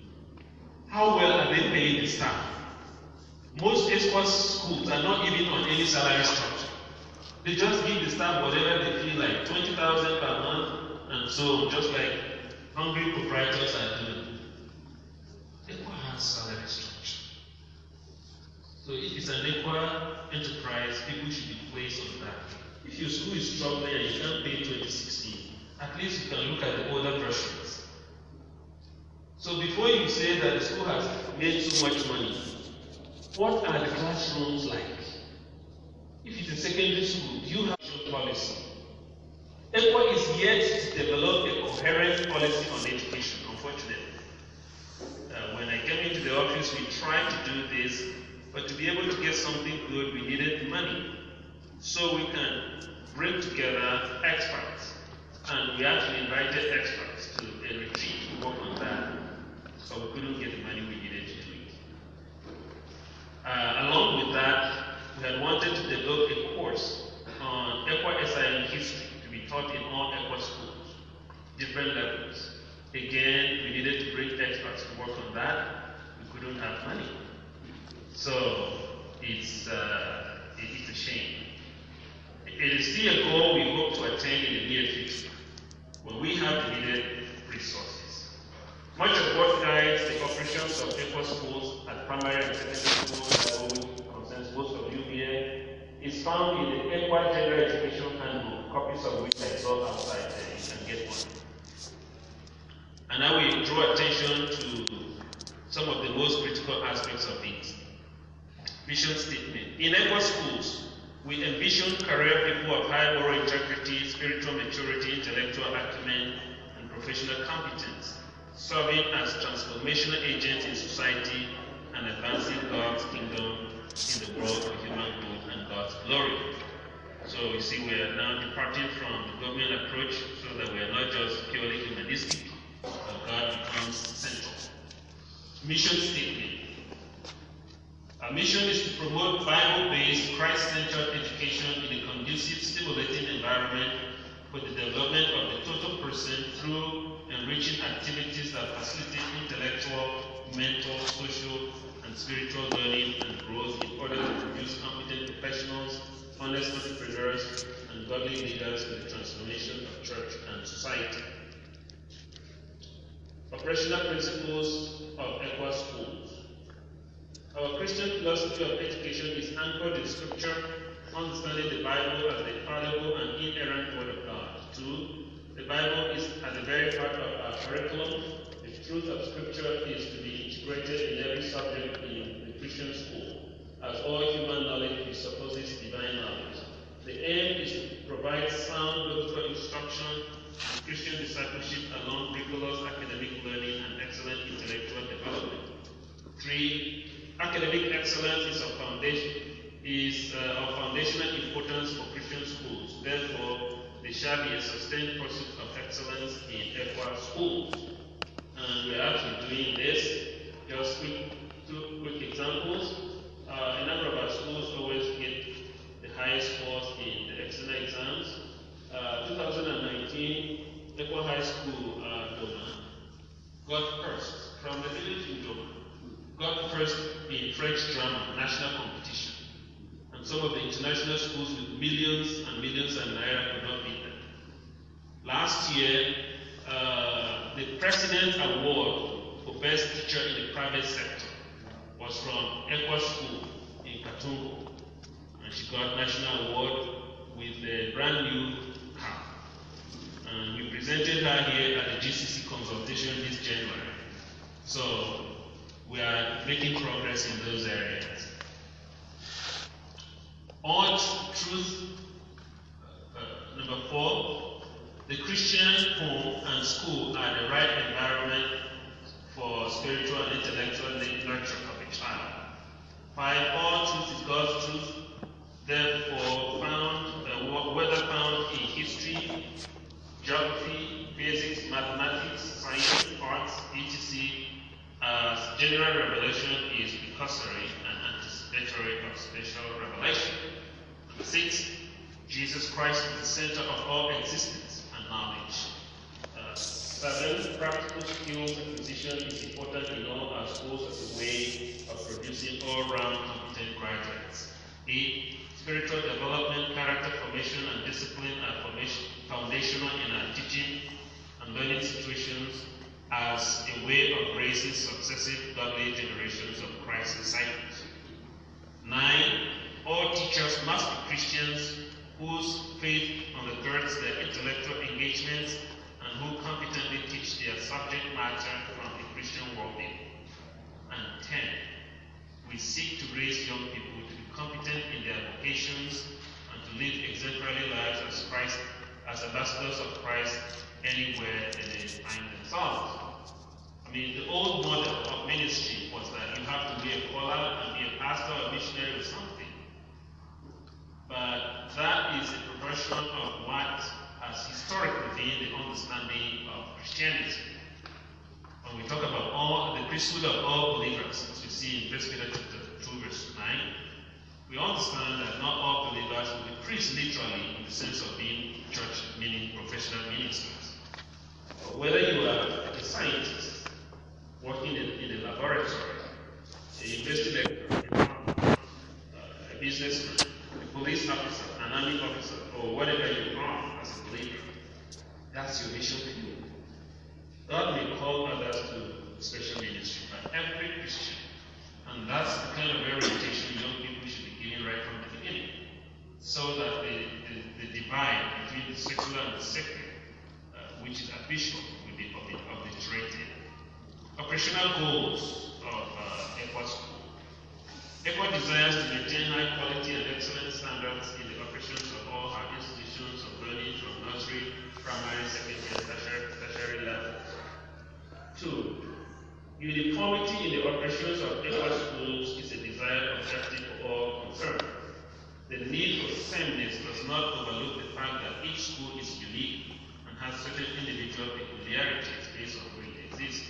[SPEAKER 5] How well are they paying the staff? Most escort schools are not even on any salary structure. They just give the staff whatever they feel like, 20,000 per month, and so just like hungry proprietors are doing.
[SPEAKER 3] Equa has salary structure.
[SPEAKER 5] So if it's an equal enterprise, people should be placed on that. If your school is struggling and you can't pay 2016, at least you can look at the older versions. So before you say that the school has made too much money, what are the classrooms like? If it's a secondary school, do you have your policy? ECO is yet to develop a coherent policy on education, unfortunately. Uh, when I came into the office, we tried to do this, but to be able to get something good, we needed money. So we can bring together experts, and we actually invited experts to a retreat to work on that, but we couldn't get the money we needed to do it. Uh, along with that, we had wanted to develop a course on Equa SIM history to be taught in all Equa schools, different levels. Again, we needed to bring experts to work on that. We couldn't have money. So it's, uh, it's a shame. It is still a goal we hope to attain in the near future, when we have the needed resources. Much of what guides the operations of paper schools at primary and secondary schools that concerns both of UVA is found in the Equal General Education Handbook, copies of which I saw outside and you can get one. And I will draw attention to some of the most critical aspects of it. Mission statement. In equal schools, we envision career people of high moral integrity, spiritual maturity, intellectual acumen, and professional competence, serving as transformational agents in society and advancing God's kingdom in the world for human good and God's glory. So you see, we are now departing from the government approach so that we are not just purely humanistic, but God becomes central. Mission statement. Our mission is to promote Bible-based, Christ-centered education in a conducive, stimulating environment for the development of the total person through enriching activities that facilitate intellectual, mental, social, and spiritual learning and growth in order to produce competent professionals, honest entrepreneurs, and godly leaders in the transformation of church and society. Operational principles of Equa Schools. Our Christian philosophy of education is anchored in Scripture, understanding the Bible as the infallible and inerrant Word of God. Two, the Bible is at the very heart of our curriculum. The truth of Scripture is to be integrated in every subject in the Christian school, as all human knowledge presupposes divine knowledge. The aim is to provide sound biblical instruction and Christian discipleship along rigorous academic learning and excellent intellectual development. Three, Academic excellence is of foundation is uh, of foundational importance for Christian schools. Therefore, there shall be a sustained pursuit of excellence in Equa schools. And we are actually doing this. Just quick, two quick examples. Uh, a number of our schools always get the highest scores in the external exams. Uh, 2019, Equa High School uh, Doma got first from the village in Doma got first in French drama national competition. And some of the international schools with millions and millions and naira could not beat them. Last year, uh, the President Award for Best Teacher in the Private Sector was from Equa School in Katungo. And she got national award with a brand new car. And we presented her here at the GCC consultation this January. So we are making progress in those areas. Or truth uh, uh, number four, the Christian home and school are the right environment for spiritual and intellectual nurture of a child. Five, all truth is God's truth, therefore found, uh, whether found in history, geography, physics, mathematics, science, arts, etc., as uh, general revelation is precursory and anticipatory of special revelation. Number six, Jesus Christ is the center of all existence and knowledge. Uh, seven, practical skills acquisition is important in all our schools as a way of producing all-round competent graduates. Eight, spiritual development, character formation, and discipline are foundational in our teaching and learning situations as a way of raising successive godly generations of Christ's disciples. Nine, all teachers must be Christians whose faith undergirds their intellectual engagements and who competently teach their subject matter from the Christian worldview. And ten, we seek to raise young people to be competent in their vocations and to live exemplary lives as Christ, as ambassadors of Christ anywhere in they find themselves. I mean, the old model of ministry was that you have to be a caller and be a pastor, a missionary, or something. But that is a progression of what has historically been the understanding of Christianity. When we talk about all the priesthood of all believers, as we see in 1 Peter chapter 2, verse 9, we understand that not all believers will be priests literally in the sense of being church meaning professional ministers whether you are a scientist working in, in a laboratory, a university a businessman, a police officer, an army officer, or whatever you are as a believer, that's your mission field. God will call others to special ministry but every Christian. And that's the kind of orientation young people should be given right from the beginning. So that the, the, the divide between the secular and the sacred which is a within of the, of the treaty. Operational goals of uh, ECWA School. desires to maintain high quality and excellent standards in the operations of all our institutions of learning from nursery, primary, secondary, and tertiary, levels. level. Two, uniformity in the operations of ECWA schools is a desired objective for all concerned. The need for sameness does not overlook the fact that each school is unique has certain individual peculiarities based on which they exist.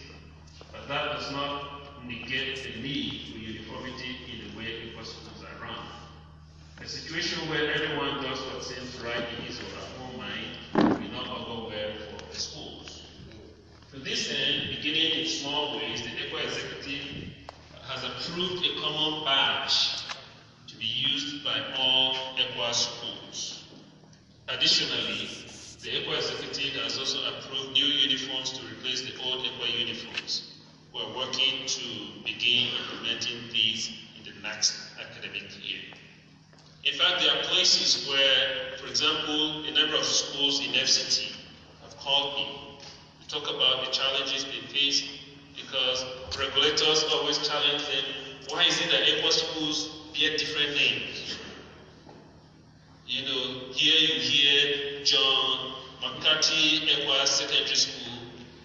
[SPEAKER 5] But that does not negate the need for uniformity in the way paper schools are run. A situation where everyone does what seems right in his or her own mind will not go well for the schools. To this end, beginning in small ways, the ECO executive has approved a common badge to be used by all ECOWAS schools. Additionally, the EPA executive has also approved new uniforms to replace the old EPA uniforms. We are working to begin implementing these in the next academic year. In fact, there are places where, for example, a number of schools in FCT have called me to talk about the challenges they face because regulators always challenge them, why is it that equal schools bear different names? You know, here you hear John McCarthy Equa Secondary School,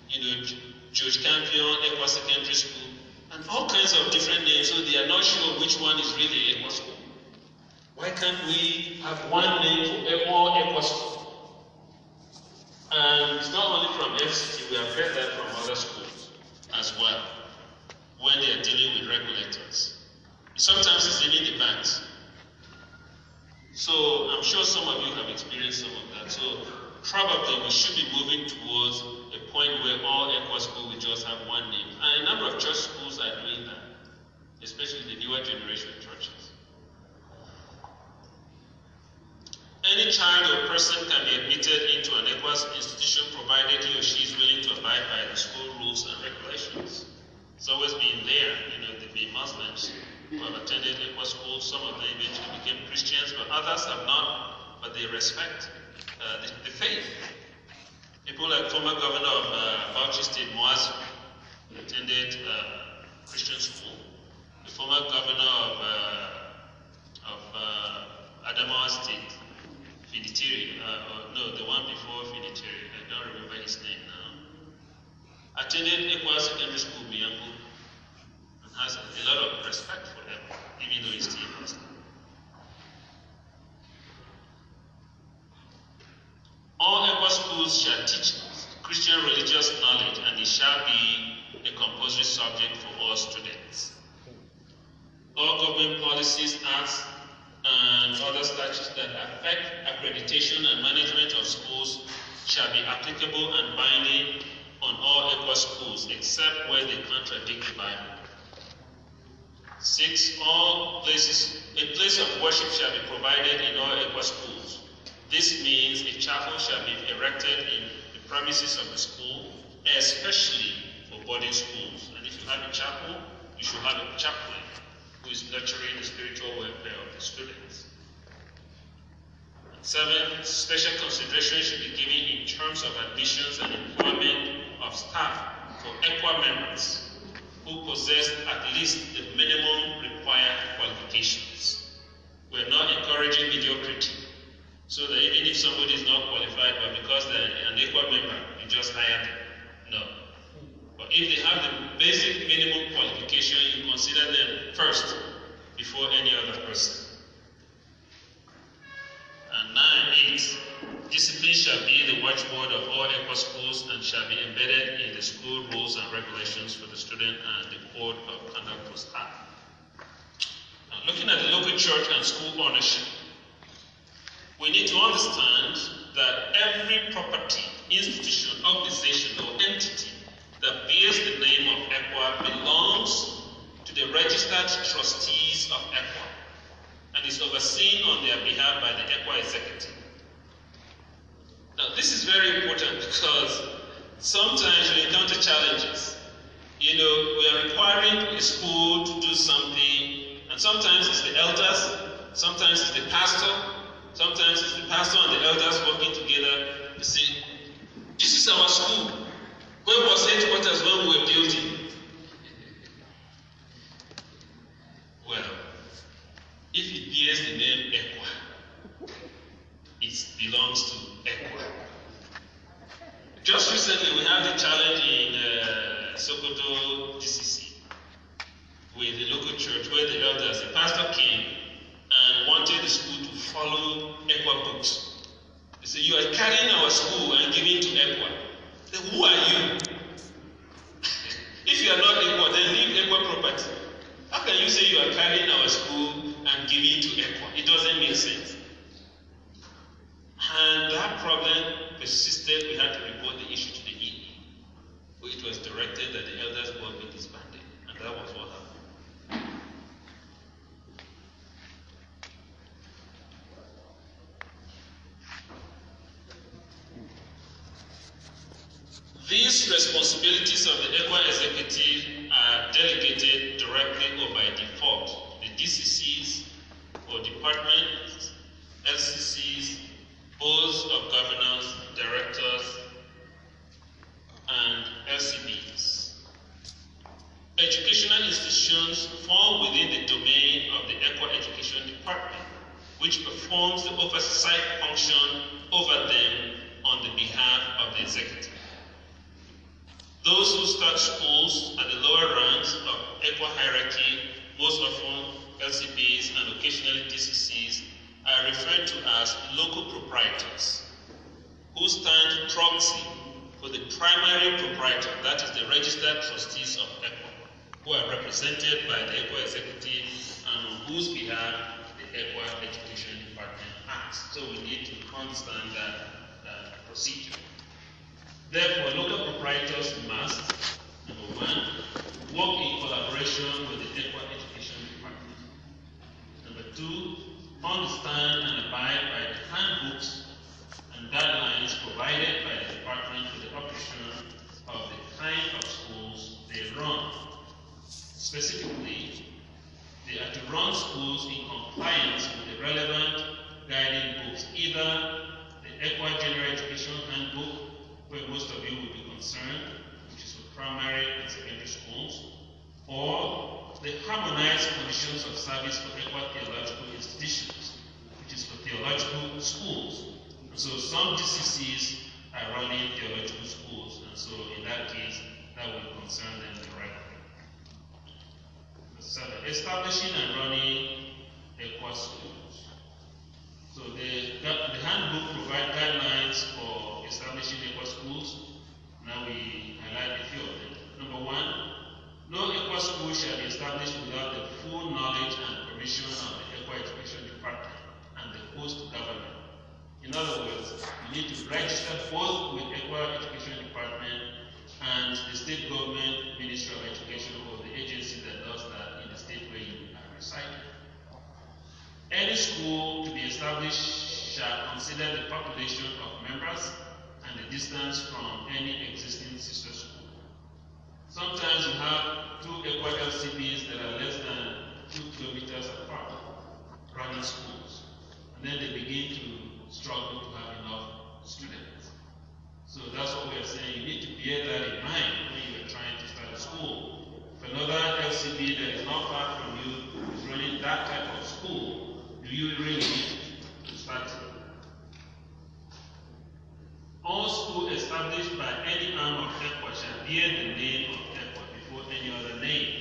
[SPEAKER 5] you know, George Campion Equa Secondary School, and all kinds of different names, so they are not sure which one is really Equa School. Why can't we have one name for all Equa School? And it's not only from FCT, we have heard that from other schools as well, when they are dealing with regulators. Sometimes it's even the banks. So I'm sure some of you have experienced some of that. So probably we should be moving towards a point where all ECHO schools will just have one name. And a number of church schools are doing that, especially the newer generation churches. Any child or person can be admitted into an ECHO institution provided he or she is willing to abide by the school rules and regulations. It's always been there, you know, they've been Muslims who have attended ECHO schools. Some of them eventually became Christians, but others have not, but they respect uh, the faith. Et pour le former governor of uh, Moaz attended uh, Christian school. The former governor departments, FCCs, boards of governors, directors, and LCBs. Educational institutions fall within the domain of the Equal Education Department, which performs the oversight function over them on the behalf of the executive. Those who start schools at the lower ranks of equal hierarchy most often LCBs, and occasionally DCCs are referred to as local proprietors, who stand proxy for the primary proprietor, that is the registered trustees of ECO, who are represented by the ECO executive and on whose behalf the ECO Education Department acts. So we need to understand that, that uh, procedure. Therefore, local proprietors must, number one, work in collaboration with the ECO to understand and abide by the handbooks and guidelines provided by the department for the operation of the kind of schools they run. Specifically, they are to run schools in compliance with the relevant guiding books, either the Equal General Education Handbook, where most of you will be concerned, which is for primary and secondary schools, or the harmonized conditions of service for Edward theological institutions, which is for theological schools. And so some DCCs are running theological schools, and so in that case, that will concern them directly. So establishing and running equal schools. So the, the handbook provides guidelines for establishing equal schools. Now we highlight a few of them. Number one, no equal school shall be established without the full knowledge and permission of the Equal Education Department and the host government. In other words, you need to register both with Equal Education Department and the state government Ministry of Education or the agency that does that in the state where you are residing. Any school to be established shall consider the population of members and the distance from any existing sister school. Sometimes you have two equatorial cities that are less than two kilometers apart, running schools. And then they begin to struggle to have enough students. So that's what we are saying. You need to bear that in mind when you are trying to start a school. If another LCD that is not far from you is running that type of school, do you really need to start all schools established by any arm of Hekwa shall bear the name of any name.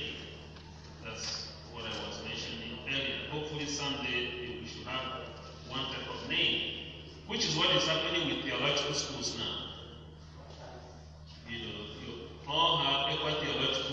[SPEAKER 5] That's what I was mentioning earlier. Hopefully someday we should have one type of name, which is what is happening with theological schools now. You know, you all have equal theological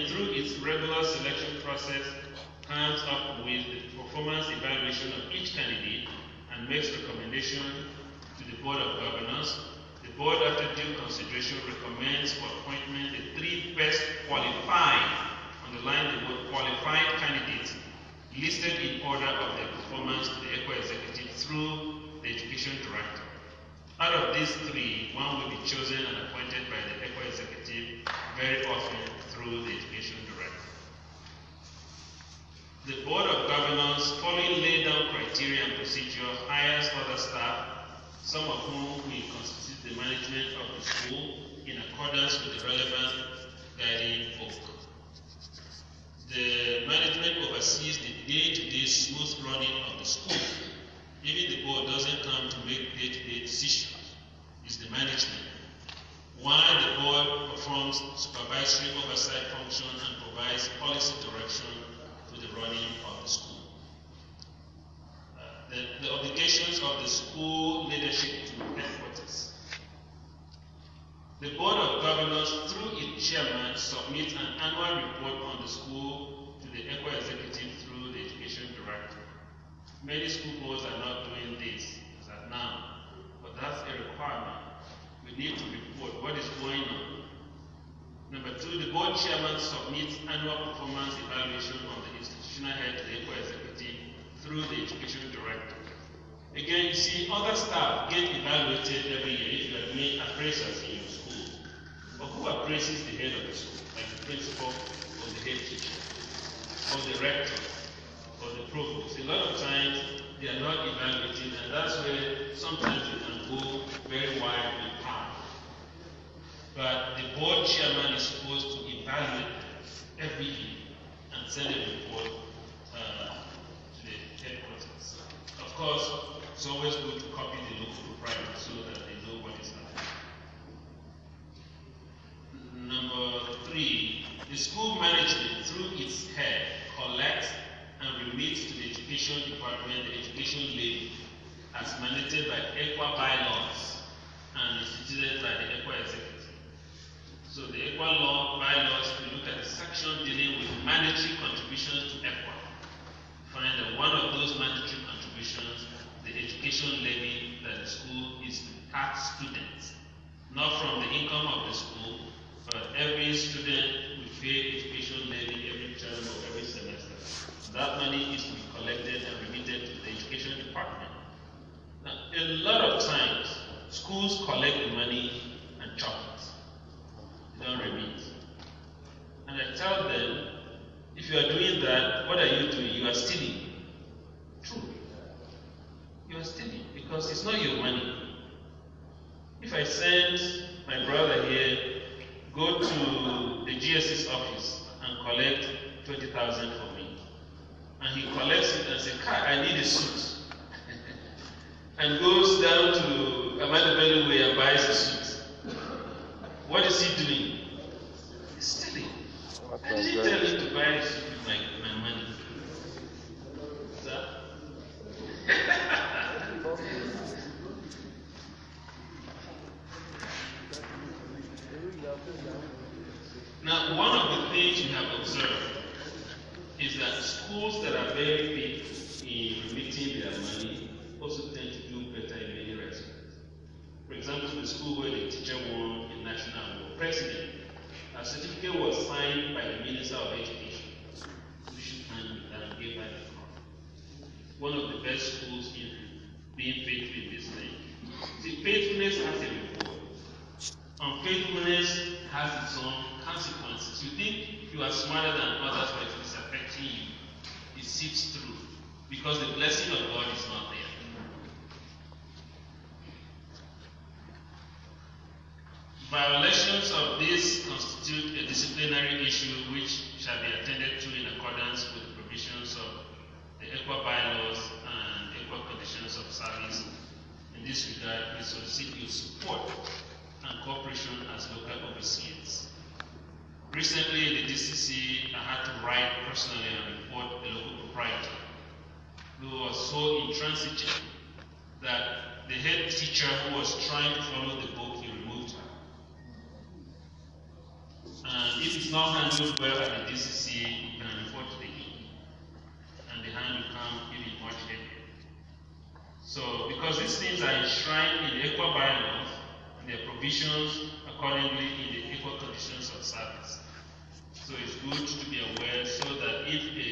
[SPEAKER 5] through its regular selection process, comes up with the performance evaluation of each candidate and makes recommendation to the Board of Governors. The Board, after due consideration, recommends for appointment the three best qualified, underline the word qualified candidates, listed in order of their performance to the ECO Executive through the Education Director. Out of these three, one will be chosen and appointed by the ECO Executive very often through the Education The Board of Governors, following laid down criteria and procedure, hires other staff, some of whom will constitute the management of the school in accordance with the relevant guiding book. The management oversees the day-to-day -day smooth running of the school. Even the board doesn't come to make day-to-day -day decisions. It's the management why the board performs supervisory oversight function and provides policy direction to the running of the school. Uh, the, the, obligations of the school leadership to headquarters. The Board of Governors, through its chairman, submits an annual report on the school to the ECO executive through the education director. Many school boards are not doing this as of now, but that's a requirement we need to report what is going on. Number two, the board chairman submits annual performance evaluation on the institutional head labor executive through the education director. Again, you see, other staff get evaluated every year if you have made in your school. But who appraises the head of the school, like the principal or the head teacher, or the rector, or the provost? A lot of times they are not evaluating, and that's where sometimes you can go very wide but the board chairman is supposed to evaluate every year and send a report uh, to the headquarters. Of course, it's always good to copy the local private so that they know what is happening. Number three, the school management through its head collects and remits to the education department the education levy as mandated by EQUA bylaws and instituted by the EQUA executive so the equal law bylaws, if you look at the section dealing with mandatory contributions to equal, find that one of those mandatory contributions, the education levy that the school is to tax students, not from the income of the school, but every student will pay education levy every term or every semester. That money is to be collected and remitted to the education department. Now, a lot of times, schools collect the money and chop it. Don't repeat. And I tell them, if you are doing that, what are you doing? You are stealing. True. You are stealing because it's not your money. If I send my brother here, go to the GSS office and collect 20,000 for me. And he collects it and says, I need a suit. and goes down to Amadu Bellewe and buys a suit. What is he doing? He's stealing. I didn't tell you to buy my, my money. Sir? now, one of the things you have observed is that schools that are very big in remitting their money also tend to do better in many respects. For example, the school where the teacher won. Tinambo, president, a certificate was signed by the Minister of Education, Ushu and gave her the crown. One of the best schools in being faithful in this land. The faithfulness has a reward. Unfaithfulness has its own consequences. You think you are smarter than others, but it is affecting you. It seeps through because the blessing of God is not there. Violations of this constitute a disciplinary issue which shall be attended to in accordance with the provisions of the equal bylaws and equal conditions of service. In this regard, we solicit your support and cooperation as local overseers. Recently, in the DCC, I had to write personally and report a local proprietor who was so intransigent that the head teacher who was trying to follow the book And it is not handled well at the DCC, you can report to the E, And the hand will come even much heavier. So, because these things are enshrined in the equal bylaws and their provisions accordingly in the equal conditions of service. So, it's good to be aware so that if a,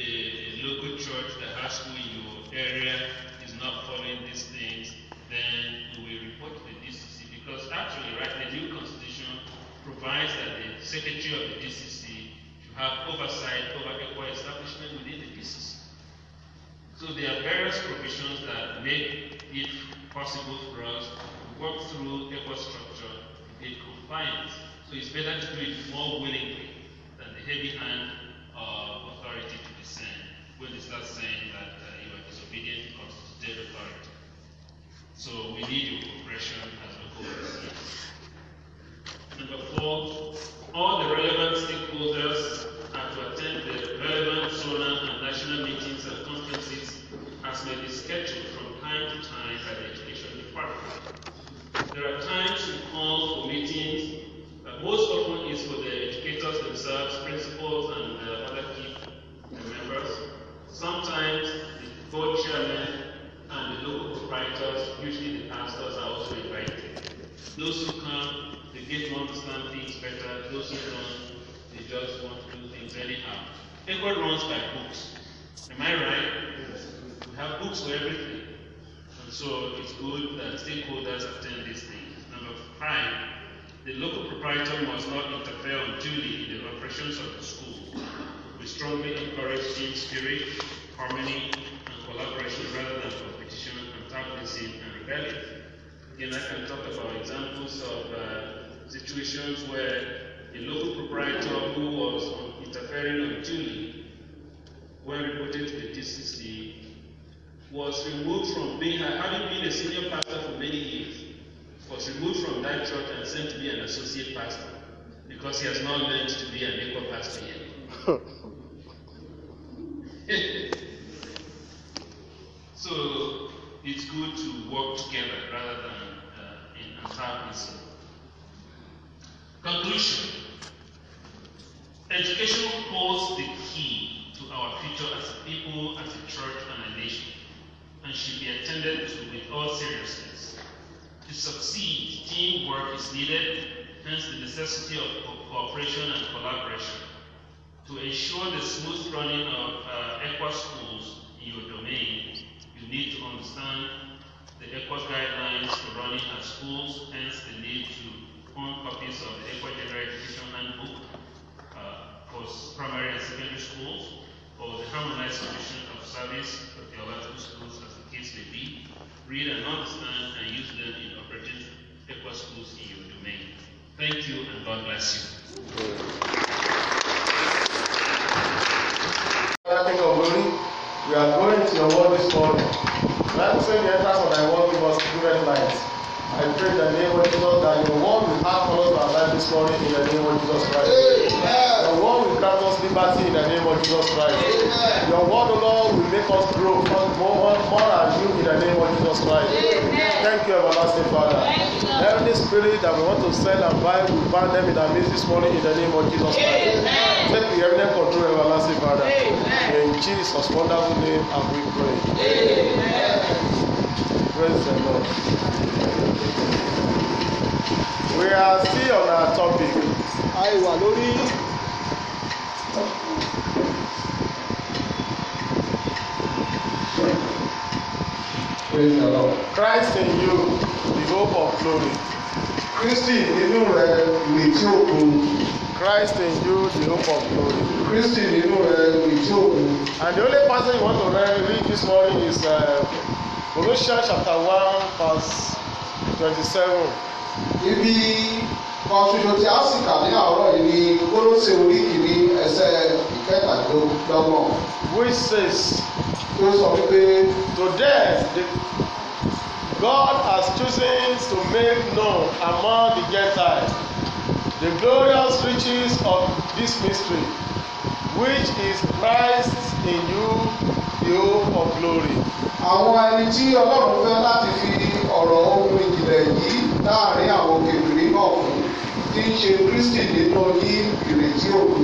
[SPEAKER 5] a, a local church that has school in your area is not following these things, then we will report to the DCC because actually, right, the new constitution provides that Secretary of the GCC to have oversight over equal establishment within the GCC. So there are various provisions that make it possible for us to work through equal structure in compliance. So it's better to do it more willingly than the heavy hand of uh, authority to descend when they start saying that uh, you are disobedient because to their authority. So we need your cooperation as local residents. Number four, all the relevant stakeholders are to attend the relevant zonal and national meetings and conferences as may be scheduled from time to time by the Education Department. There are times we call for meetings, but most often is for the educators themselves, principals, and uh, other key members. Sometimes the board chairman and the local proprietors, usually the pastors, are also invited. Those who come get to understand things better. Those who don't, they just want to do things anyhow. Everyone runs by books. Am I right? Yes. We have books for everything. And so it's good that stakeholders attend these things. Number five, the local proprietor must not interfere unduly in the operations of the school. We strongly encourage team spirit, harmony, and collaboration rather than competition, antagonism, and rebellion. Again, I can talk about examples of uh, situations where a local proprietor who was interfering unduly when reported to the DCC was removed from being, having been a senior pastor for many years, was removed from that church and sent to be an associate pastor because he has not learned to be an equal pastor yet. so it's good to work together rather than uh, in antagonism.
[SPEAKER 3] Conclusion.
[SPEAKER 5] Education holds the key to our future as a people, as a church, and a nation, and should be attended to with all seriousness. To succeed, teamwork is needed, hence the necessity of cooperation and collaboration. To ensure the smooth running of uh, schools in your domain, you need to understand the Equus guidelines for running our schools, hence the need to own copies of the Equal Gender Education Handbook uh, for primary and secondary schools, for the harmonized submission of service for theological schools, as the case may be, read and understand and use them in operating equal schools in your domain. Thank you and God bless you.
[SPEAKER 1] We are going to award this morning. Let me say the entrance of thy award was us good light. I pray the name of Jesus that your word will have for us our life this morning in the name of Jesus Christ. Your word will grant us liberty in the name of Jesus Christ. Your word, O Lord, will make us grow more, more as you in the name of Jesus Christ. Thank you, everlasting Father. Every spirit that we want to sell and buy, we ban them in the midst this morning in the name of Jesus Christ. Take the evident control, everlasting Father. In Jesus' wonderful name, and we pray.
[SPEAKER 3] Amen.
[SPEAKER 1] Praise the Lord. We are still on our topic. I lórí. Praise the Lord. Christ in you, the hope of glory. Christine, Kristi nínú rẹ̀ ìrètí òkun. Christ in you, the hope of glory. Christine, Kristi nínú rẹ̀ ìrètí òkun. And the only person you want to read this morning is. Uh, Colossians chapter one verse twenty-seven. Ibi kan ṣoṣo tí a sì kà ní àárọ̀ yìí ni Kólósè orí kìíní ẹsẹ̀ ìkẹtàdínlọ́gbọ̀n. Which says. Tó sọ wípé. To them the God has chosen to make known among the Gentiles the glorious riches of this mystery
[SPEAKER 3] which is Christ in you glow of glory. àwọn ẹni
[SPEAKER 1] tí ọlọ́run fẹ́ láti fi ọ̀rọ̀ ohun ìjìnlẹ̀ yìí láàrin àwọn kèfèrí náà fún tí ń ṣe kristi nínú yí ìrètí òkú.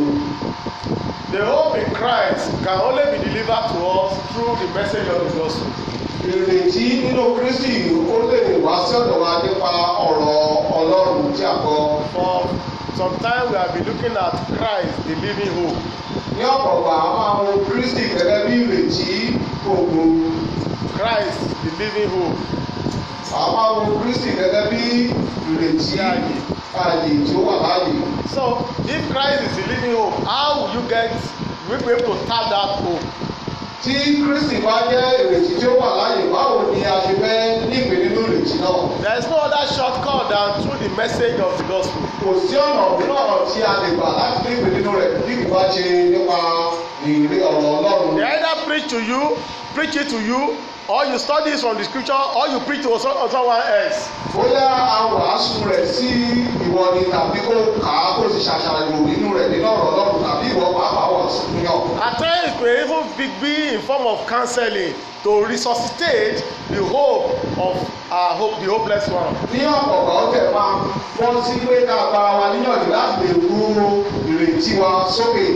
[SPEAKER 1] The
[SPEAKER 3] hope in Christ can only be delivered to us through the message of the gospel.
[SPEAKER 1] Ìrètí nínú Kristi ó lè wá sí ọ̀dọ̀ wa nípa ọ̀rọ̀ Ọlọ́run tí a kọ. For sometimes we have been looking at Christ the living hope. ní ọ̀pọ̀ ọ̀gbà a máa wo Kristi gẹ́gẹ́ bí ìrètí ògo. Christ the living hope. a máa wo Kristi gẹ́gẹ́ bí ìrètí ààyè tó wà láàyè. so if Christ is the living hope how will you get we be able to tap that hope tí kristi bá jẹ́ ìrètí tí ó wà láàyè báwo ni a ṣe fẹ́ nígbè nínú ìrètí náà. there is no other shortcut than through the message of the gospel. kò sí ọ̀nà mìíràn tí a lè gbà láti nígbè nínú rẹ̀ bí bá ṣe nípa ìrírí ọ̀rọ̀ ọlọ́run. they either preach to you preach it to you or you study from the scripture or you preach to someone else. bóyá a wàásù rẹ̀ sí ìwọ ni tàbí kó kà á kó sì ṣàṣàyò nínú rẹ̀ nínú ọ̀rọ̀ ọlọ́run tàbí ìwọ pàápàá us enough. At times it may even be in form of counseling to resuscitate the hope of our uh, hope the hopeless one. ní ọ̀pọ̀lọpọ̀ ọ̀tẹ̀ máa ń bọ́ sí pé ká gba wa níyànjú láti lè wú ìrètí wa sókè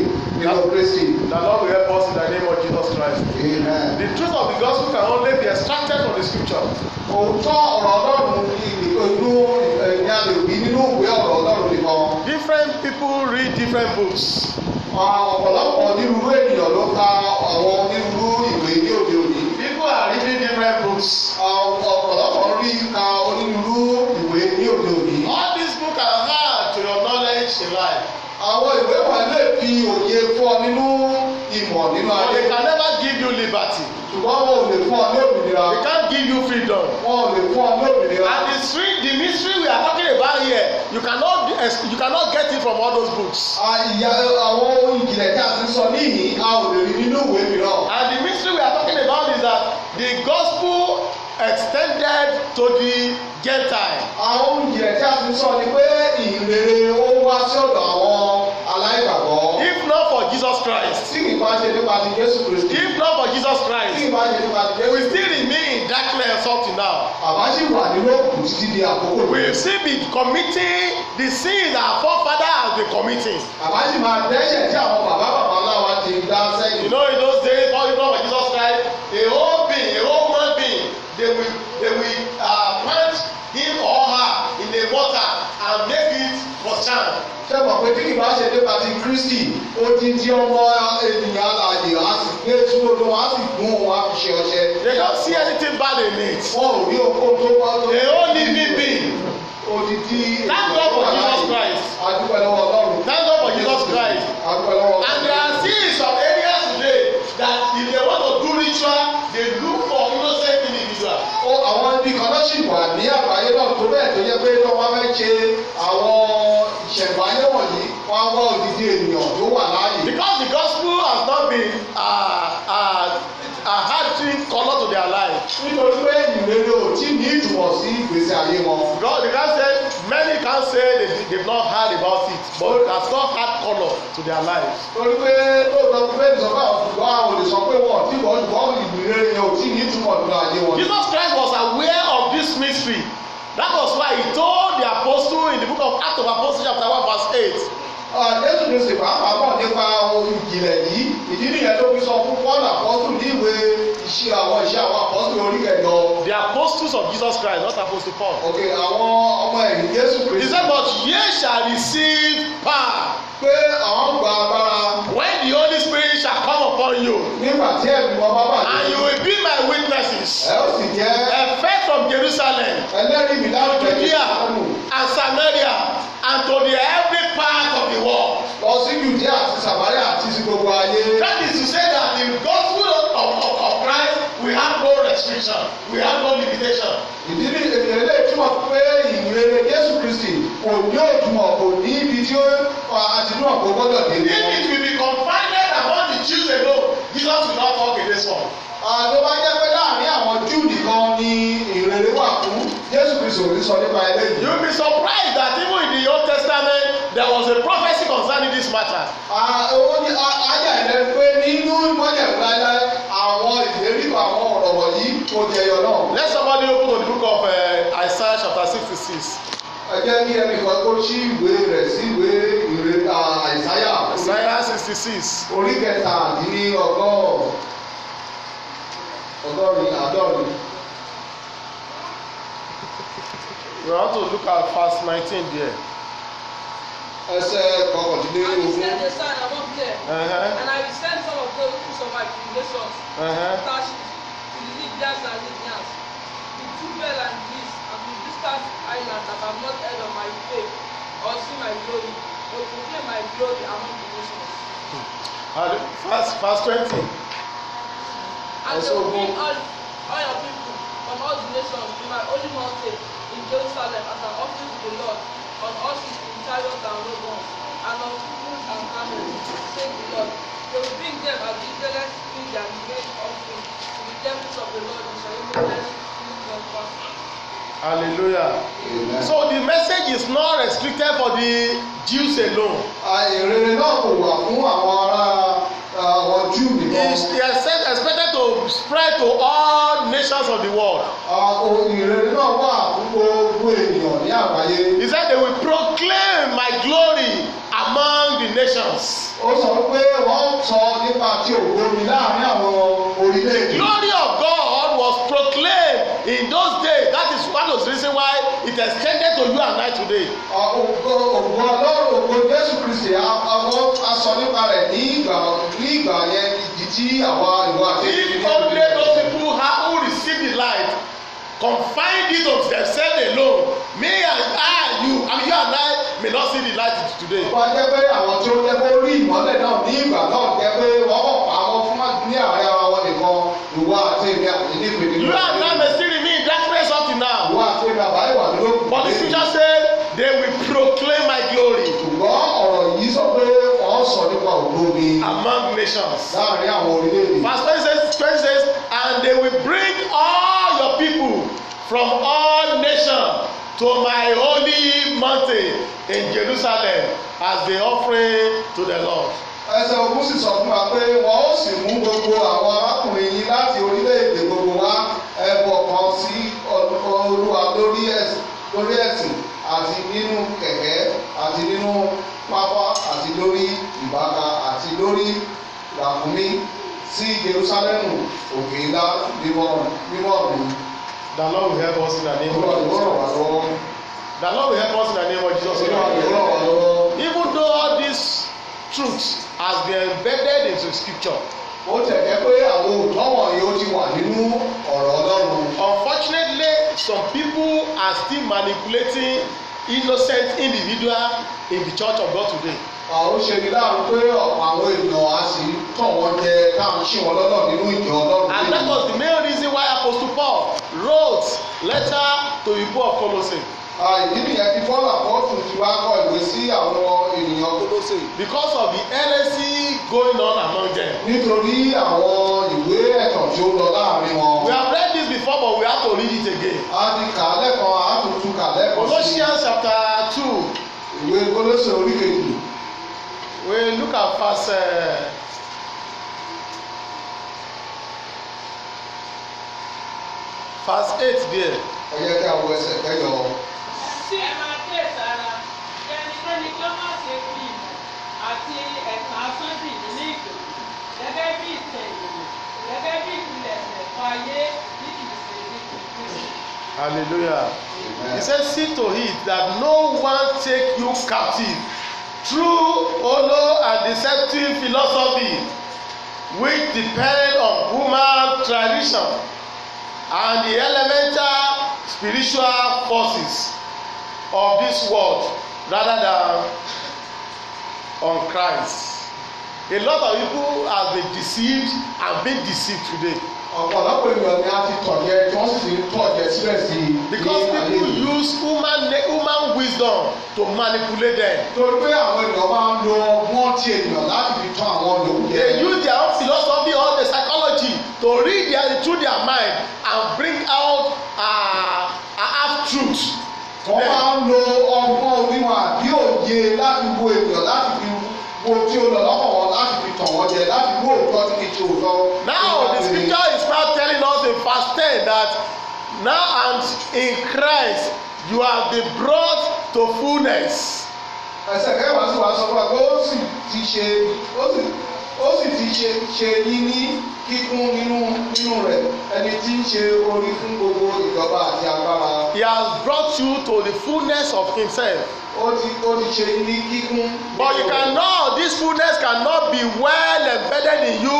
[SPEAKER 1] bureaucracy. The Lord will help us in the name of Jesus Christ. Amen. The truth of the gospel can only be extracted from the scripture. Òótọ́ ọ̀rọ̀ Ọlọ́run inú ẹ̀yà lè wí nínú ìwé ọ̀rọ̀ Ọlọ́run nìkan. Different people read different books. Ọ̀pọ̀lọpọ̀ onírúurú ènìyàn ló ka àwọn onírúurú ìwé ní òde òní. People are reading different books. Ọ̀pọ̀lọpọ̀ rí ka onírúurú ìwé ní òde òní. All these books are hard to your knowledge in life àwọn ìwé wọn lè fi òye fún ọ nínú ìmọ̀ nínú ayé. they can never give you liberty. ṣùgbọ́n wọn ò lè fún ọ ní òmìnira. they can't give you freedom. wọn ò lè fún ọ ní òmìnira. and the street the mystery we are talking about here you cannot you cannot get it from all those books. àyà àwọn ìjìnlẹ̀ tí a ti sọ níhìn-ín a ò lè rí nínú ìwé mìíràn. and the mystery we are talking about is that the gospel extended to the Gentile. àwọn oúnjẹ tí a ti sọ ni pé ìrere ó wá sí ọ̀dọ̀ àwọn aláìgbàgbọ́. if not for Jesus Christ. tí ìbá ṣe nípa ti Jésù Kristi. if not for Jesus Christ. tí ìbá ṣe nípa ti Jésù we still remain in darkness up to now. àbá sì wà nínú òkú títí di àkókò. we still be committing the sins our forefathers have been committing. àbá sì máa dẹ́ṣẹ̀ tí àwọn bàbá bàbá ńlá wa ti dá sẹ́yìn. you know in those days. water and make it for charm. ṣé mọ̀ pé bí ìbá ṣe dé pàtí kristi odindi ọmọ ènìyàn àlàyé á sì gbé túbọ̀ lọ́wọ́ á sì gún òun á fi ṣe ọṣẹ. they don't see anything bad in it. wọn ò rí oko tó wá tó. they only need me. odindi. thank God for Jesus Christ. adúgbò lọ́wọ́ ọlọ́run. ọ̀nà ní àgbáyé náà tó bẹ́ẹ̀ tó yẹ pé tó wá fẹ́ ṣe àwọn ìṣẹ̀gbáyé wọ̀nyí wọ́n wá odidi ènìyàn tó wà láàyè. because the gospel has not been uh, uh, are hard drink color to their life. nítorí pé ìrere ò tí ní ìtumọ̀ sí ìgbésí ayé wọn. God the guy say many can say they they not heard about it but that's not add color to their life. torí pé ó lọ pé ìsọ̀kà ọ̀tùkọ́ àwọn olè sọ pé wọ́n ti wọ́n ju wọ́n ìrere yẹn ò tí ní ìtumọ̀ nínú ayé wọn. Jesus Christ was aware of this mystery that was why he told the apostle in the book of Acts of Apostles chapter one verse eight. Ah, jésù kristu pàápàá bọ̀ nípa ohun ìjìnlẹ̀ yìí ìdí nìyẹn tó fi sọ fún paul apostol ní ìwé iṣẹ́ àwọn iṣẹ́ àwọn apostol oríkẹjọ. the apostles of jesus christ not apostle paul. ok àwọn ọmọ ẹ̀yìn jésù kristu. he said but ye shall receive power. pé àwọn gba agbára. when the holy spirit shall come upon you. nígbà tí ẹ̀mí wọn bá bàjẹ́. and you will be my witnesses. ẹ ó sì jẹ́. ẹ fẹ́ from jerusalem. ẹlẹ́rìí mi láti jẹ́ jerusalem. and samaria and to the end part of the world. lọ sí àti samaria àti sí gbogbo ayé. that is to say that the gospel of of of, Christ we have no restriction we have no limitation. ìdí ni èdè ilé ìtumọ̀ pé ìrere Jésù Kristi kò ní òtúmọ̀ kò ní ibi tí ó àtìdúrà kò gbọ́dọ̀ dé. if it will be confined among the Jews alone Jesus will not talk in this form. àdébá jẹ́ pé láàrin àwọn Júù nìkan ni ìrere wà fún Jésù Kristi ò ní sọ nípa eléyìí. you be surprised that even in the Old Testament there was a prophecy concerning this matter. ó ní ajá ilẹ̀ pé nínú ìmọ̀lẹ̀ gbada àwọn ìlérí àwọn ọ̀rọ̀ wọ̀nyí kò jẹyọ náà. let somebody open the book of eh, Isaiah chapter sixty six. ẹ jẹ́ kí kan kó ṣí ìwé rẹ̀ sí ìwé ìrè àìsáyà. Isaiah sixty six. orí kẹta ní ọgọ́rin àádọ́rin. We want to look at verse nineteen there
[SPEAKER 3] ẹsẹ̀ kọkàndínlé ogún.
[SPEAKER 2] Uh-huh. and I will send some of those who survive to the nations. Uh-huh. Tarshish the Libyans and Libyans to and Greece and to distant islands that have not heard of my faith or seen my glory or proclaim my glory among the nations.
[SPEAKER 1] Hmm. Verse verse twenty. And they will bring all
[SPEAKER 2] all your people from all the nations to my holy mountain in Jerusalem as an offering to the Lord on all cities chariots and wagons, and of people and camels, says the Lord. They will bring them as the Israelites bring their main offering to the temples of the Lord in
[SPEAKER 1] Jerusalem. Hallelujah. Amen. So the message is not restricted for the Jews alone. Ìrere náà kò wà fún àwọn ará àwọn Jew nìkan. He is expected to spread to all nations of the world. Ìrere náà wà fún gbogbo ènìyàn ní àgbáyé. He said they will proclaim my glory among the nations. Ó sọ pé wọ́n sọ nípa ti ògo mi
[SPEAKER 3] àwọn.
[SPEAKER 1] was the reason why it has extended to you and I today. ògo ògo ọlọ́run ògo jésù kristi àwọn aṣọ nípa rẹ̀ ní ìgbà ní ìgbà yẹn ìdí tí àwa ìwà àti ìdílé. if only those people who receive the light confine it to themselves alone me and I you and you and I may not see the light today. wọ́n jẹ́ pé àwọn tó jẹ́ pé orí ìmọ́lẹ̀ náà ní ìgbà náà jẹ́ pé wọ́n kọ̀ pamọ́ fún ní àárẹ̀ ara wọn nìkan ìwà àti ìrìn àti ìdílé. you scripture says they will proclaim my glory. ṣùgbọ́n ọ̀rọ̀ yìí sọ pé wọ́n sọ nípa ògo among nations. láàrin àwọn orílẹ̀-èdè. verse twenty six twenty six and they will bring all your people from all nations to my holy mountain in jerusalem as the offering to the lord. ẹsẹ̀ ogun sì sọ fún wa pé wọn ó sì mú gbogbo àwọn arákùnrin yìí láti orílẹ̀-èdè gbogbo wá ẹ̀bọ̀ kan sí olúwa lórí ẹ̀sìn àti nínú kẹ̀kẹ́ àti nínú pápá àti lórí ìbáka àti lórí làkúnmí sí Jerusalemu òkè ńlá mímọ́ọ̀nù. The Lord will help us in the name of Jesus. The Lord will help us in the name of Jesus. Even though all these truths has been embedded into scripture ó tẹ̀lé pé àwọn òótọ́ wọ̀nyí ó ti wà nínú ọ̀rọ̀ Ọlọ́run. Unfortunately, some people are still manipulating innocent individual in the church of God today. àwọn òṣèré láàrú pé ọ̀pọ̀ àwọn èèyàn á sì tọ̀ wọ́n jẹ táwọn ṣì wọ́n lọ́nà nínú ìjọ ọlọ́run. and that was the main reason why apostle paul wrote letter to the people of Colossae. ìdílé yẹn ti fọ́ọ̀lù àpọ́tù kọ ìwé sí because of the heresy going on among them. nítorí àwọn ìwé ẹ̀tàn tí ó lọ láàrin wọn. we have read this before but we have to read it again. a ti kà á lẹ́kọ̀ọ́ a tún tún kà lẹ́kọ̀ọ́ sí. Colossians chapter two. ìwé Kólósè orí kejì. we look at verse. Uh, verse eight there. ẹ jẹ́ kí a wo ẹsẹ̀ kẹjọ.
[SPEAKER 2] ṣé ẹ máa tẹ̀ sára kẹ́nikẹ́ni má ṣe fi ìmọ̀ àti ẹ̀sán asọ́dì nílé ìgbòho gẹ́gẹ́ bí ìtẹ̀yìnwó gẹ́gẹ́ bí ìpìlẹ̀ ẹ̀kọ́ ayé ní ìṣe ìpínlẹ̀.
[SPEAKER 1] Hallelujah. He said, See to it that no one take you captive True, hollow and deceptive philosophy which depend on human tradition and the elemental spiritual forces of this world rather than on Christ. A lot of people have been deceived and been deceived today. ọ̀pọ̀lọpọ̀ ènìyàn ni a ti tọ̀ yẹ tí wọ́n sì ti tọ̀ yẹ síbẹ̀ sí i. because people use human human wisdom to manipulate them. torí pé àwọn ènìyàn máa ń lo ọgbọ́n ti ènìyàn láti fi tán àwọn olóhùn yẹn. they use their own philosophy or their psychology to read their through their mind and bring out uh, half truth wọ́n máa ń lo ọgbọ́n onímọ̀ àbí òye láti wo ènìyàn láti fi wo tí ó lọ lọ́kàn láti fi tàn wọ́n jẹ láti wo òótọ́ tí kì ṣe òótọ́. Now the scripture is now telling us in verse ten that now and in Christ you have been brought to fullness. ẹsẹ̀ kẹwàá sì wá sọ fún wa pé ó sì ti ṣe ó sì ó sì ti ṣe ṣe yín ní kíkún nínú nínú rẹ̀ ẹni tí ń ṣe orí fún gbogbo ìjọba àti agbára. he has brought you to the fullness of himself. ó ti ó ti ṣe ní kíkún. but you cannot this fullness cannot be well embedded in you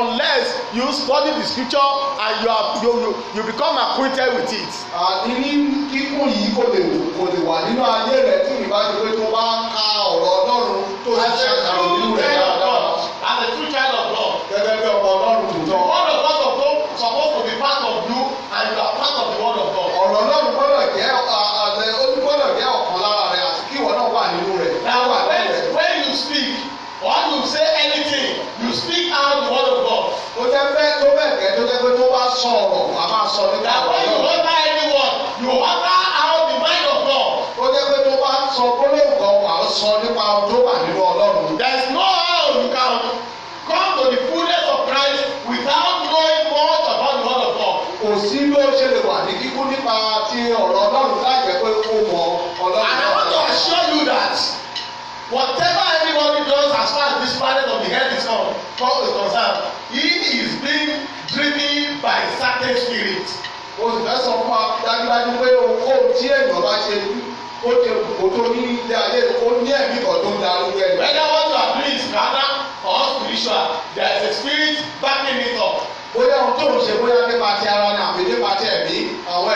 [SPEAKER 1] unless you study the scripture and you are you you, you become acquainted with it. àní kíkún yìí kò lè kò lè wà nínú ayé rẹ̀ tí ìbájú pé tó bá ka ọ̀rọ̀ ọlọ́run tó ṣe àkàrò nínú rẹ̀ dára a true child of God. Gẹ́gẹ́ bí ọmọ Ọlọ́run tòótọ́. All of us of whom suppose to be part of you and you are part of the word of God. Ọ̀rọ̀ Ọlọ́run gbọ́dọ̀ jẹ́ àlẹ́ ó jẹ́ ọ̀kan lára rẹ̀ àti kí ìwọ náà wà nínú rẹ̀. Na when when you speak or you say anything you speak out the word of God. Ó jẹ́ pé tó bẹ́ẹ̀ gẹ́ tó jẹ́ pé tó bá sọ ọ̀rọ̀ a máa sọ nípa ọ̀rọ̀. Na when you order anyone you order out the mind of God. Ó jẹ́ pé tó bá sọ gbólóhùn kan wà ó sọ nípa ọdún wà nínú Ọlọ́run. àti ọ̀rọ̀ ọlọ́run láìpẹ́ pé ó mọ ọlọ́run. and I want to assure you that whatever anybody does as far as this planet of the earth is concerned is concerned he is being driven by certain spirit. olùfẹ́ sọ fún wa dájúdájú pé ohun tí èèyàn bá ṣe ó ti kò tó ní ilé ayé ó ní ẹ̀mí kan tó ń darúgbó ẹ̀. whether one to agree is rather or spiritual there is a spirit backing it up. bóyá ohun tó ń ṣe bóyá nípa ti ara ni àbí nípa ti ẹ̀mí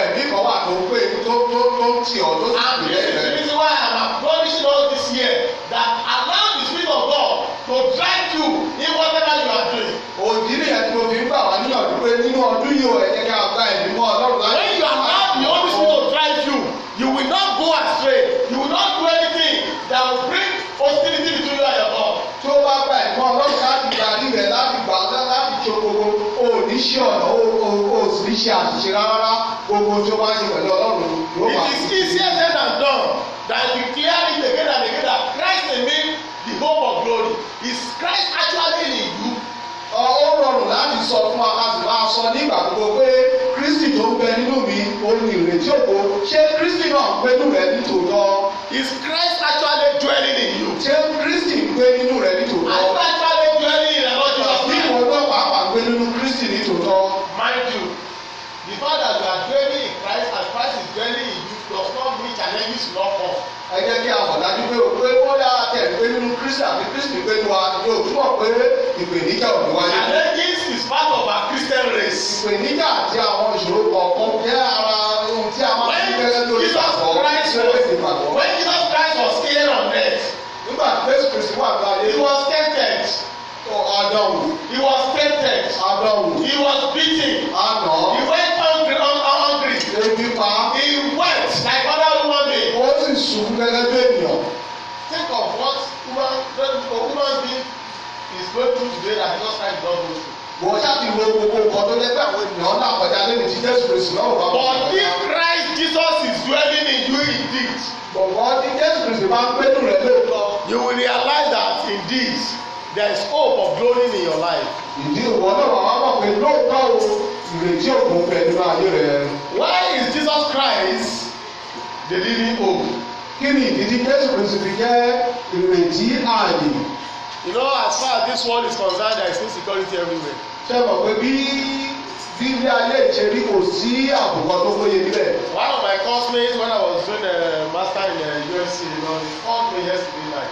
[SPEAKER 1] ẹ̀mí kan wà tó pé tó tó tó tì ọ́ tó sì pè lẹ́yìn and this is the reason why I am abolishing all this year that allow the spirit of God to drive you in whatever you are doing. òdì ni ẹ̀ tó fi ń gbà wá níyànjú pé nínú ọdún yìí ó ẹ̀jẹ̀ ká gba ẹ̀mí mọ́ ọlọ́run láti. when you allow the holy spirit to drive you you will not go astray you will not do anything that will bring hostility between you and your God. tí ó bá gba ẹ̀mí ọlọ́run láti gbà láti gbà láti ṣokòkò òní ṣe ọ̀nà ó ṣe àṣìṣe rárá gbogbo tí ó bá ṣe pẹ̀lú ọlọ́run yóò bá. it is easier said than done than the again and again that Christ remain the hope of glory is Christ actually in you. ó rọrùn láti sọ fún wa láti máa sọ nígbà gbogbo pé Kristi tó ń bẹ nínú mi olú ìrètí òkò ṣé Kristi náà ń gbénú rẹ nítòótọ́. is Christ actually dwelling in you. ṣé Kristi ń gbé nínú rẹ nítòótọ́. àgbàdo. Jews lọ́kọ̀. ẹ jẹ́ kí àwọn ọ̀dájú pé o pé ó yára tẹ̀ pé nínú Kristi àbí Kristi pé nu wa ni o túbọ̀ pé ìpèníjà ò ní wáyé. and then this is part of our Christian race. ìpèníjà àti àwọn ìṣòro kọ̀ọ̀kan jẹ́ ara ohun tí a máa ń gbẹ́rẹ́ lórí ìgbàgbọ́ when Jesus Christ was here on earth. nígbà tí Jésù Kristi wà láyé. he was tempted. Oh, Adam. He was tempted. Adam. He was beaten. Àná. sùn gẹ́gẹ́ bí ènìyàn think of what human for human being is going through today that just like God go through. wọ́n ṣáàtì wo gbogbo nǹkan tó lẹ́gbẹ́ àwọn ènìyàn náà kọjá lẹ́nu tí Jésù Kristu náà wà. but if Christ Jesus is dwelling in you indeed. bọ̀bọ̀ tí Jésù Kristu máa ń gbẹ́dùn rẹ̀ lóòótọ́. you will realize that indeed there is hope of glory in your life. ìdí ìwọ náà wà wá mọ̀ pé lóòótọ́ o ìrètí òkun pẹ̀lú ayé rẹ. why is Jesus Christ the living hope? kí ni ìdí Kristu fi jẹ́ ìrètí ààyè. You know as far as this world is concerned there is no security everywhere. Ṣé mọ̀ pé bí bí ilé ayé ìṣerí kò sí àbùkọ tó péye níbẹ̀. One of my classmates when I was doing the master in the USC you know he called me yesterday night.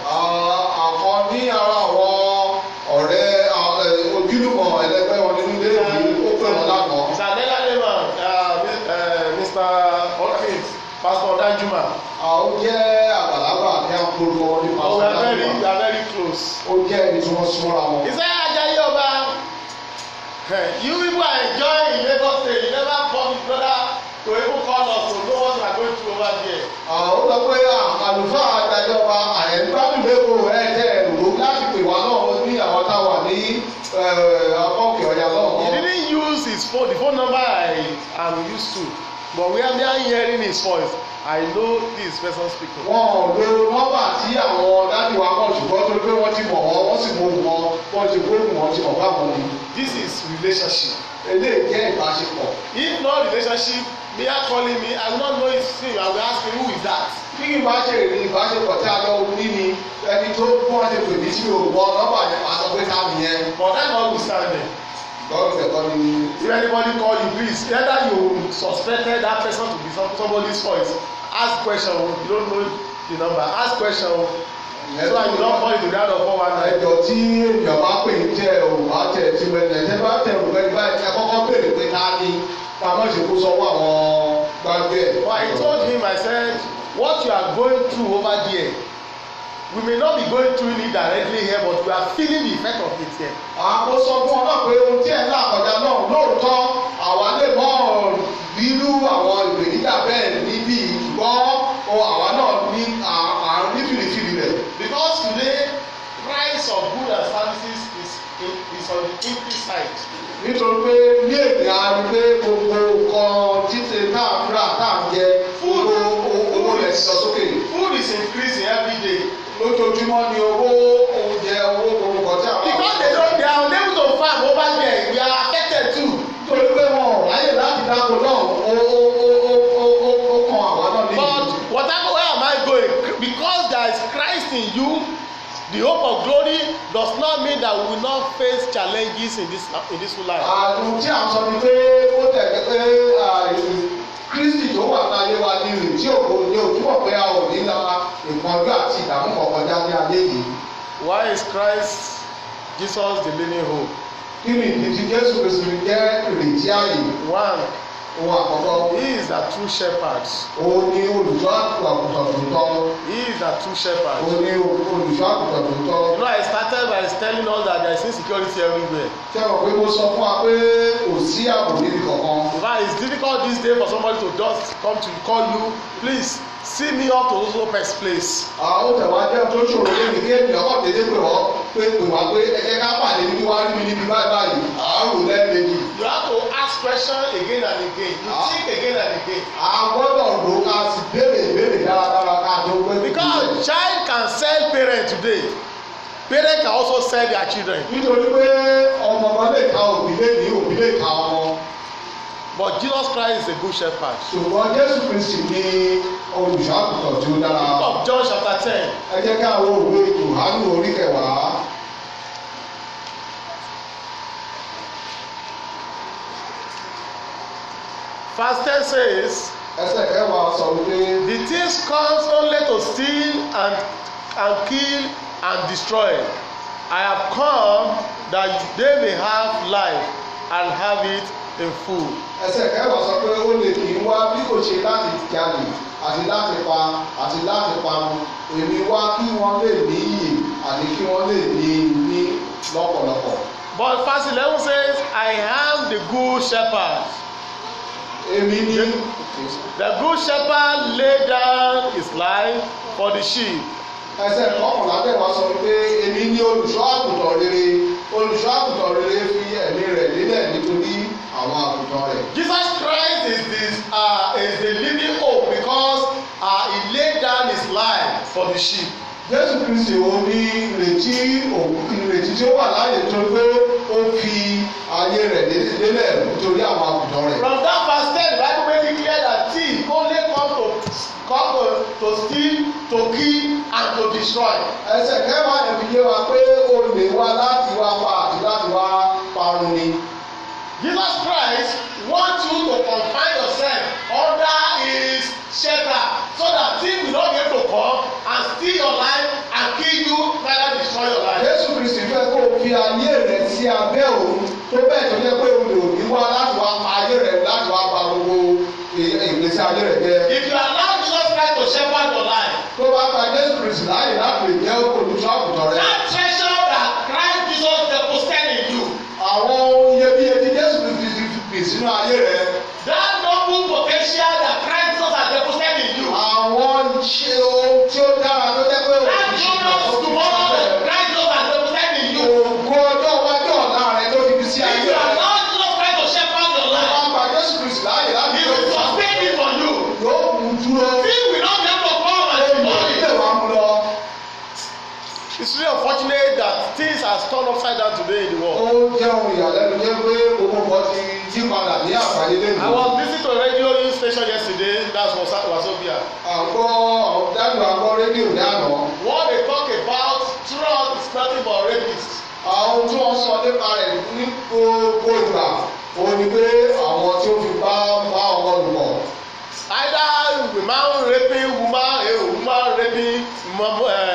[SPEAKER 1] Àkọ́ ní ara àwọn adájúmọ̀. àwọn jẹ́ àgbàlagbà ní àpòlù wọn nípa ọ̀sán very close. ó jẹ́ ẹni tí wọ́n súnmọ́ra wọn. ìṣe ajayi ọba you people are enjoying in Lagos state you never come your brother to even call us So no what we are going through over there. àwọn lọ pé ah, àlùfáà ajayi ọba àyẹ̀gbádùn lẹ́kọ̀ọ́ ẹ̀ jẹ́ ẹ̀rù láti pè wá náà ní àwọn táwa ní ọkọ̀ òkè ọ̀yà náà. he didn't use his phone the phone number I am used to but we are are hearing his voice I know this person speaking. Wọn ò lo nọ́mbà tí àwọn dájú wa kàn ṣùgbọ́n torí pé wọ́n ti mọ̀ wọ́n wọ́n sì mọ̀ wọ́n wọ́n ti gbóògùn wọ́n ti mọ̀ báwọn ni. This is relationship. Eléyìí jẹ́ ìbáṣepọ̀. If no relationship, they are calling me, I will not know his name, I will ask him who is that. Bí kì bá ṣe èrè ìbáṣepọ̀ tí a lọ ní ni ẹni tó kún ọ̀ṣẹ̀ pè mí sí òògùn nọ́mbà yẹn pàṣẹ pé sáà mi yẹn. But that me. God is a calling. If anybody call you, please, whether you suspected that person to be somebody's voice, ask question. You don't know the number. Ask question. So I will not fall into that of four one nine. Ẹjọ́ tí èèyàn bá pè ń jẹ́ òun á tẹ̀ tí wọ́n ẹ̀ tẹ́ bá tẹ̀ òun bẹ́ẹ̀ báyìí ẹ kọ́kọ́ béèrè pé ta ni pamọ́ ìṣèkú So àwọn gbàgbé ẹ̀. I told him I said what you are going through over there we may not be going through it directly here but we are feeling the effect of it here. àwọn sọ fún ọ náà pé ohun tí ẹ ń là kọjá náà lóòótọ́ àwa lè mọ rírú àwọn ìpèníjà bẹ́ẹ̀ níbí ṣùgbọ́n àwa náà ní àrùn ní rẹ̀. because today price of goods and services is is on the increase side. nítorí pé ní èdè a rí pé gbogbo nǹkan títẹ náà rà náà jẹ gbogbo owó rẹ̀ sọ sókè. food is increasing every day lójoojúmọ́ ni owó oúnjẹ owó gbogbo ọ̀tí àwọn. because they don't they are unable to farm over there we are affected too torí pé wọn ò ráyè láti dáko náà ó ó ó ó ó ó ó kan àwa náà níbi. but whatever way am I going because there is Christ in you the hope of glory does not mean that we will not face challenges in this in this life. àdùn tí a sọ ni pé ó tẹ̀lé pé àìsàn. kristi tó wà láyé wa ní ìrìn tí òkò ní òtúbọ̀ pé a ò la ìpọ́njú àti ìdààmú kọ̀ọ̀kan jáde ayé yìí. why is Christ Jesus the living hope? kí ni ìdí tí Jésù Kristu jẹ́ ìrètí ààyè? one Òun àkọ́kọ́. He is the true shepherd. Òun ni olùṣọ́ àgùntàn tó He is the true shepherd. Òun ni olùṣọ́ àgùntàn tó You know I started by telling us that there is insecurity everywhere. Ṣé o pé mo sọ fún wa pé kò sí ààbò níbi kankan? In fact it's difficult these days for somebody to just come to call you please see me up to those lowest place. àwọn tẹ̀wá jẹ́ tó ṣòro lónìí kí ènìyàn kọ́ dédé pé wọ́n pé pé wá pé ẹ̀jẹ̀ ká pàdé ní wá mi níbi báyìí báyìí àárò lẹ́ẹ̀mejì. you have to ask question again and again you think again and again. àgbọ̀dọ̀ ló ká sì béèrè ìbéèrè dáradára ká tó pé. because child can sell parent today parent can also sell their children. nítorí pé ọmọ ọmọ lè ka òbí lè ní òbí lè ka ọmọ. But Jesus Christ is a good shepherd. Ṣùgbọ́n Jésù Kristi ni olùṣọ́àgùtàn tí ó dára. Book of John chapter ten. Ẹ jẹ́ ká àwọn òwe Yohanu orí kẹwàá. Verse ten says. Ẹsẹ̀ kẹwàá sọ wípé. The thief comes only to steal and and kill and destroy. I have come that they may have life and have it a ẹsẹ̀ kẹwàá sọ pé ó lè kí n wá bí kò ṣe láti jalè àti láti pa àti láti parun èmi wá kí wọ́n lè ní iyì àti kí wọ́n lè ní ní lọ́pọ̀lọpọ̀. But verse eleven says I am the good shepherd. Èmi ni. The good shepherd lay down his life for the sheep. Ẹsẹ̀ mọ́kànlá tẹ̀wá sọ pé èmi ni olùṣọ́ àgùntàn rere olùṣọ́ àgùntàn rere fi ẹ̀mí rẹ̀ lélẹ̀ nítorí àwọn àgùntàn rẹ̀. Jesus Christ is the uh, is the living hope because uh, he laid down his life for the sheep. Jésù Kristi wo ni ìrètí ìrètí tí ó wà láàyè tó pé ó fi ayé rẹ̀ lélẹ̀ nítorí àwọn àgùntàn rẹ̀. From that verse ten, the Bible make it clear that thief only come to come to, steal, to kill, and to destroy. Ẹsẹ̀ kẹwàá ẹ̀ wa pé olè wá láti wá pa àti láti wá parun ni. Jesus Christ wants you to confine yourself under his shelter so that things will not get to come and steal your life and kill you rather destroy your life. Jésù Kristi fẹ́ kó o fi ayé rẹ̀ sí abẹ́ òun tó bẹ́ẹ̀ tó jẹ́ pé olè òní wá láti wá pa ayé rẹ̀ láti wá pa gbogbo e, ìgbésí ayé rẹ̀ jẹ́. If you allow Jesus Christ to shepherd your life. Tó bá pa Jésù Kristi láàyè láti lè jẹ́ olùṣọ́ àgùntàn rẹ̀. That ìpè ayé rẹ. that noble potential that Christ has deposited in you. àwọn ṣe ohun tí ó dára tó jẹ́ pé òun ṣe àwọn tó ń bẹ̀rẹ̀. Christ has in you. ògo ọjọ́ iwájú ọ̀la rẹ ló fi fi sí ayé rẹ. you are not just trying life. wọ́n gba Jésù Kristu láàyè láti fẹ́. he for you. yóò kú dúró. sin will not to come and be It's really unfortunate that things are turned upside down today in the world. ó jẹun ìyàlẹ́nu jẹ́ pé owó kan ti tí padà ní àgbáyé lẹ́nu. I was visiting to a radio station yesterday that was Wazobia. Àgbọ̀ dájú àgbọ̀ rédíò ní àná. What they talk about throughout is nothing but rapist. Àwọn tí wọ́n sọ nípa rẹ̀ ní gbogbo ìgbà òun ni pé àwọn tí ó fi bá bá ọmọ lùmọ̀. Either woman raping woman, a woman raping mom, uh, eh,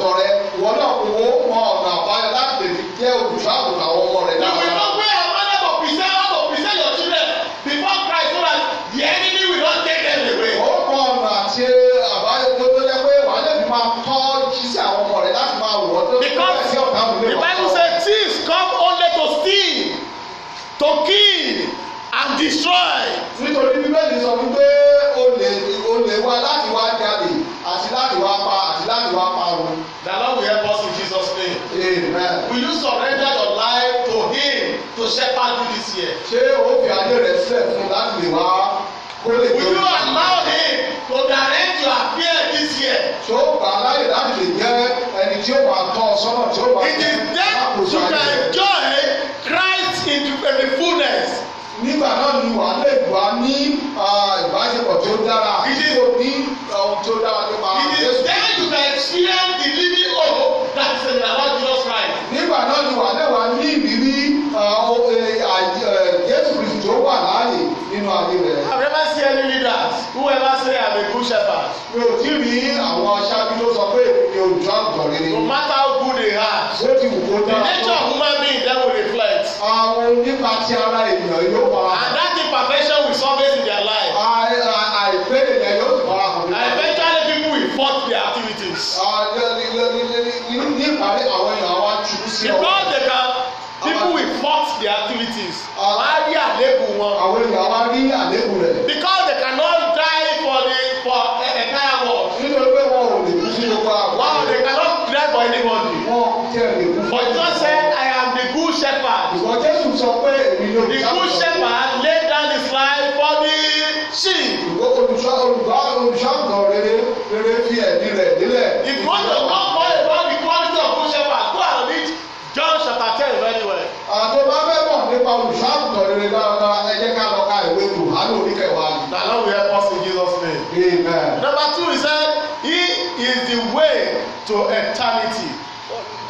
[SPEAKER 1] and destroy. nítorí bíbélì sọ wípé olè olè wá láti wá jalè àti láti wá pa àti láti wá
[SPEAKER 3] parun. the lord we help
[SPEAKER 1] us in jesus name. amen. will you surrender your life to him to shepherd you this year. ṣé o fi ayé rẹ sílẹ̀ fún láti lè wá will you allow him to direct your affairs this year. ṣé o gbà láyè láti lè jẹ́ ẹni tí ó wà tọ́ sọ́nà tí ó wà tọ́. nígbà náà ni wà lè wà ní ìbáṣepọ̀ tó dára tó ní ohun tó dára nípa Jésù. It is then you can experience the living hope that is in our Jesus Christ. Nígbà náà ni wà lè wà ní ìrírí e, e, Jésù Kristu tó wà láàyè nínú ayé rẹ̀. I never seen any leaders who ever say I a good shepherd. Mi ò tí rí àwọn aṣáájú tó sọ pé èmi ni olùjọ́ àgùntàn rere. No matter how good they are. Ó ti wù kó dára. The nípa ti ara ènìyàn yóò wà. and that imperfection will surface in their life. àìpé ènìyàn yóò fara hàn. eventually people will fault their activities. ní àwọn èèyàn wa jùlọ sí ọ. because they can people will fault their activities. wọ́n á rí àléébù wọn. àwọn èèyàn wa rí àléébù rẹ̀. because no the good shepherd laid down his life for the sheep. olùṣọ́ olùgbà olùṣọ́gbọ̀n rere rere fi ẹ̀mí rẹ̀ nílẹ̀. if you want to talk more about the quality of good shepherd go and read John chapter ten very well. àtẹ̀wá fẹ́ mọ̀ nípa olùṣọ́gbọ̀n rere dáadáa ẹ jẹ́ ká lọ ká ìwé kù á lò ní kẹwàá. na long we help us Jesus name. amen. number two he said he is the way to eternity.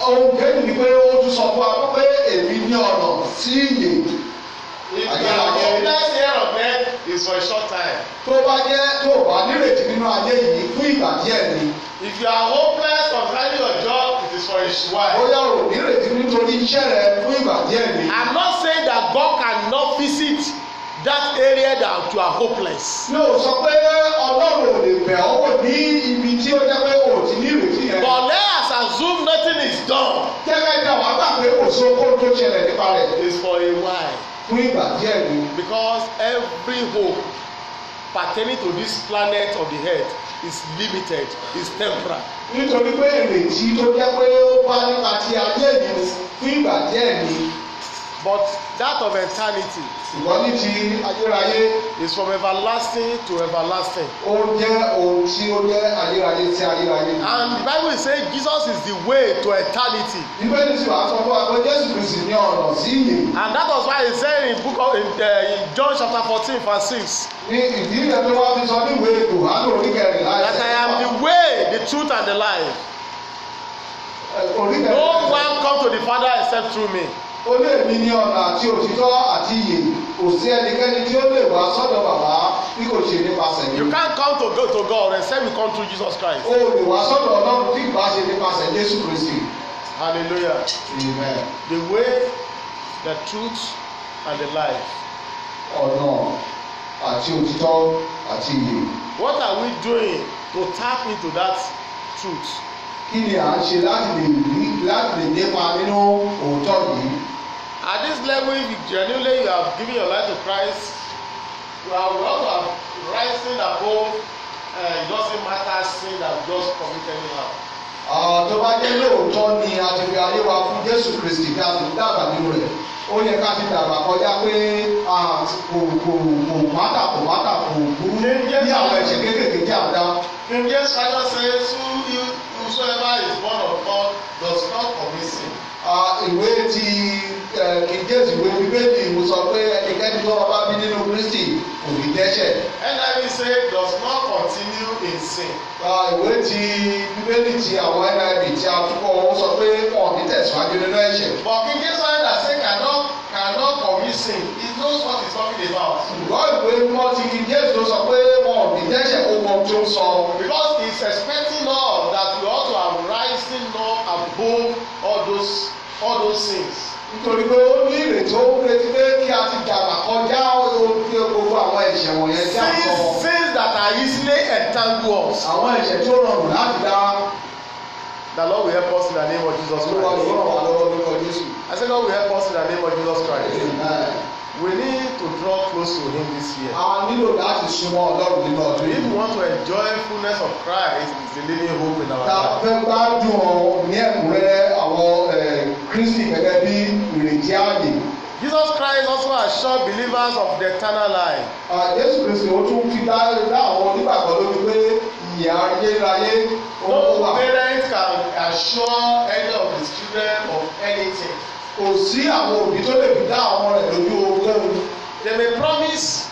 [SPEAKER 1] ohun kejì ni pé ó tún sọ fún wa pé èmi ní ọ̀nà sí ìyè is for a short time. tó bá jẹ́ tó bá nírètí nínú ayé yìí fún ìgbà díẹ̀ ni. if you are hopeless finding your job it is for a while. ó yàrá nírètí nítorí iṣẹ́ rẹ fún ìgbà díẹ̀ ni. i'm not saying that God cannot visit that area that you are hopeless. mi ò sọ pé ọlọ́run ò lè bẹ̀ ọ́ wò ní ibi tí ó jẹ́ pé o ti ní ìrètí yẹn. but let us assume nothing is done. jẹ́gẹ́ bí àwọn àgbà pé kò sí okòó tó ṣẹlẹ̀ nípa rẹ̀. it is for a while fún ìgbà díẹ̀ ni. because every hope pertaining to this planet of the earth is limited is temporal. nítorí pé ìrètí tó jẹ́ pé ó bá nípa ti ayé mi fún ìgbà díẹ̀ ni but that of eternity. ìwọ ní ti ayérayé. is from everlasting to everlasting. ó jẹ́ ohun tí ó jẹ́ ayérayé tí ayérayé. and the bible say Jesus is the way to eternity. ìbéèrè tí wàá sọ fún wa pé Jésù Kristi ní ọ̀nà sí ìyè. and that was why he say in book of in, uh, in John chapter fourteen verse six. ní ìdí ìrẹ́ tó wá fi sọ ní ìwé Jòhánù oníkẹrìnlá ẹsẹ̀. that I am the way the truth and the life. Uh, no one come to the Father except through me ó lè mi ọ̀nà àti òtítọ́ àti iyè kò sí ẹnikẹ́ni tí ó lè wá sọ́dọ̀ bàbá bí kò ṣe nípasẹ̀ mi. you can't come to go to God and except you come through Jesus Christ. o lè wá sọ́dọ̀ ọlọ́run bí ìbá ṣe nípasẹ̀ Jésù Kristi. hallelujah. amen. the way the truth and the life. ọ̀nà àti òtítọ́ àti iyè. what are we doing to tap into that truth? kí ni à ń ṣe láti lè rí láti lè nípa nínú òótọ́ yìí. At this level, if you genuinely you have given your life to Christ, you are well have rising above uh, it doesn't matter sin that we just committed now. Ah, tó bá jẹ́ lóòótọ́ ni a ti fi ayé wa fún Jésù Kristi bí a ti ń dàgbà nínú rẹ̀ ó yẹ ká ti dàgbà kọjá pé kò kò kò pátá kò pátá kò burú ní àwọn ẹ̀ṣẹ̀ kéékèèké tí a dá. Ǹjẹ́ Sájọ́ ṣe é sún whosoever is born of God does not commit sin ìwé ti King ìwé bíbélì mo sọ pé ẹnikẹ́ni tó ọba bí nínú Kristi kò ní dẹ́ṣẹ̀. NIV say does not continue in sin. ìwé ti bíbélì ti àwọn NIV tí a túbọ̀ ó sọ pé wọn kì í tẹ̀síwájú nínú ẹ̀ṣẹ̀. but King James sọ yẹn dàsẹ́ cannot cannot commit sin he knows what he is talking about. ṣùgbọ́n ìwé mímọ́ ti King James ló sọ pé wọn ò ní dẹ́ṣẹ̀ ó mọ tó ń sọ. because he is expecting love that we ought to have rising love above those all those things nítorí pé ó ní ìrètí ó retí pé kí a ti dàgbà kọjá orí gbogbo àwọn ẹ̀ṣẹ̀ wọ̀nyẹn tí a kọ. things that are easily entangled. àwọn ẹ̀ṣẹ̀ tó rọrùn láti dá. The Lord will help us in the name of Jesus Christ. I said, God will help us in the name of Jesus Christ. Amen we need to draw close to him this year. a nílò láti súnmọ́ ọlọ́run nínú ọdún yìí. if we want to enjoy fullness of Christ is the living hope in our life. ta fẹ́ gbádùn ọ ní ẹ̀kúnrẹ́rẹ́ àwọn eh, Kristi gẹ́gẹ́ bí ìrètí ààyè. Jesus Christ also assured believers of the eternal life. Jésù Kristi ó tún fi dá àwọn onígbàgbọ́ lójú pé ìyá ayérayé ó wà. No parent can assure any of his children of anything kò sí àwọn òbí tó lè fi dá ọmọ rẹ̀ lójú ogun. they may promise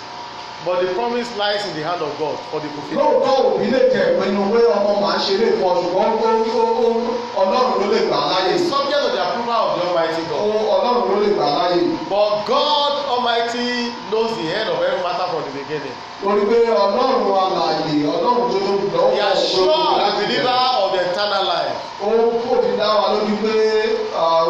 [SPEAKER 1] but the promise lies in the hand of God for the fulfilment. lóòótọ́ òbí lè jẹ ìpinnu pé ọmọ màá ṣe lè fọ ṣùgbọ́n ọlọ́run ló lè gbà láyè. subject of the approval of the almighty God. ohun ọlọ́run ló lè gbà láyè. but God almighty knows the end of every matter from the beginning. torí pé ọlọ́run alààyè ọlọ́run tó tóbi lọ́wọ́. he assures the believer of the eternal life. ó dá wa lójú pé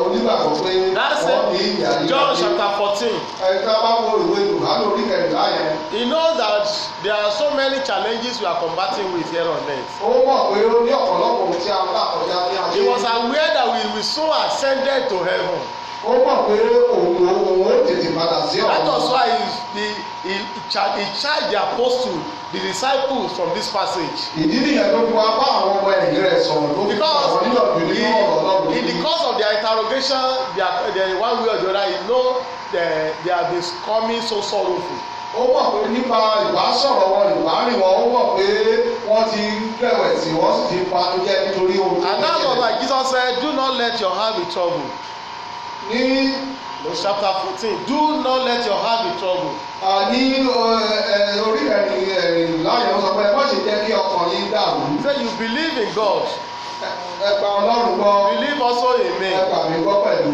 [SPEAKER 1] onígbàgbọ́ pé wọ́n ní ìyá yìí. John chapter fourteen. ẹ̀ka bá wo ìwé Yohane orí kẹrìnlá yẹn. He knows that there are so many challenges we are combating with here on earth. ó mọ̀ pé ó ní ọ̀pọ̀lọpọ̀ tí a ń bá kọjá ní ayé. He was aware that we will soon ascended to heaven ó mọ̀ pé òun òun ó tètè padà sí ọ̀run. that was why he he he charged the apostle the disciples from this passage. ìdí nìyẹn tó fi wá àwọn ọmọ ẹ̀yìn rẹ̀ sọ̀rọ̀ tó fi sọ̀rọ̀ nílọ̀dún nínú ọ̀rọ̀ lọ́dún. in the course of their interrogation their their one way or the other you know they they have been coming so sorrowful. ó mọ̀ pé nípa ìbásọ̀rọ̀ wọn ìbárìn wọn ó mọ̀ pé wọ́n ti rẹ̀wẹ̀sì wọ́n sì ti banújẹ́ nítorí ohun tó ń ṣẹlẹ̀. and that's why Jesus said do not let your heart be troubled ní chapter fourteen do not let your heart be troubled. ní orí ẹ̀rìn ẹ̀rìn láyọ̀ sọ pé ẹ ṣe jẹ́ kí ọkàn yín dàrú. say you believe in God. Believe also in me.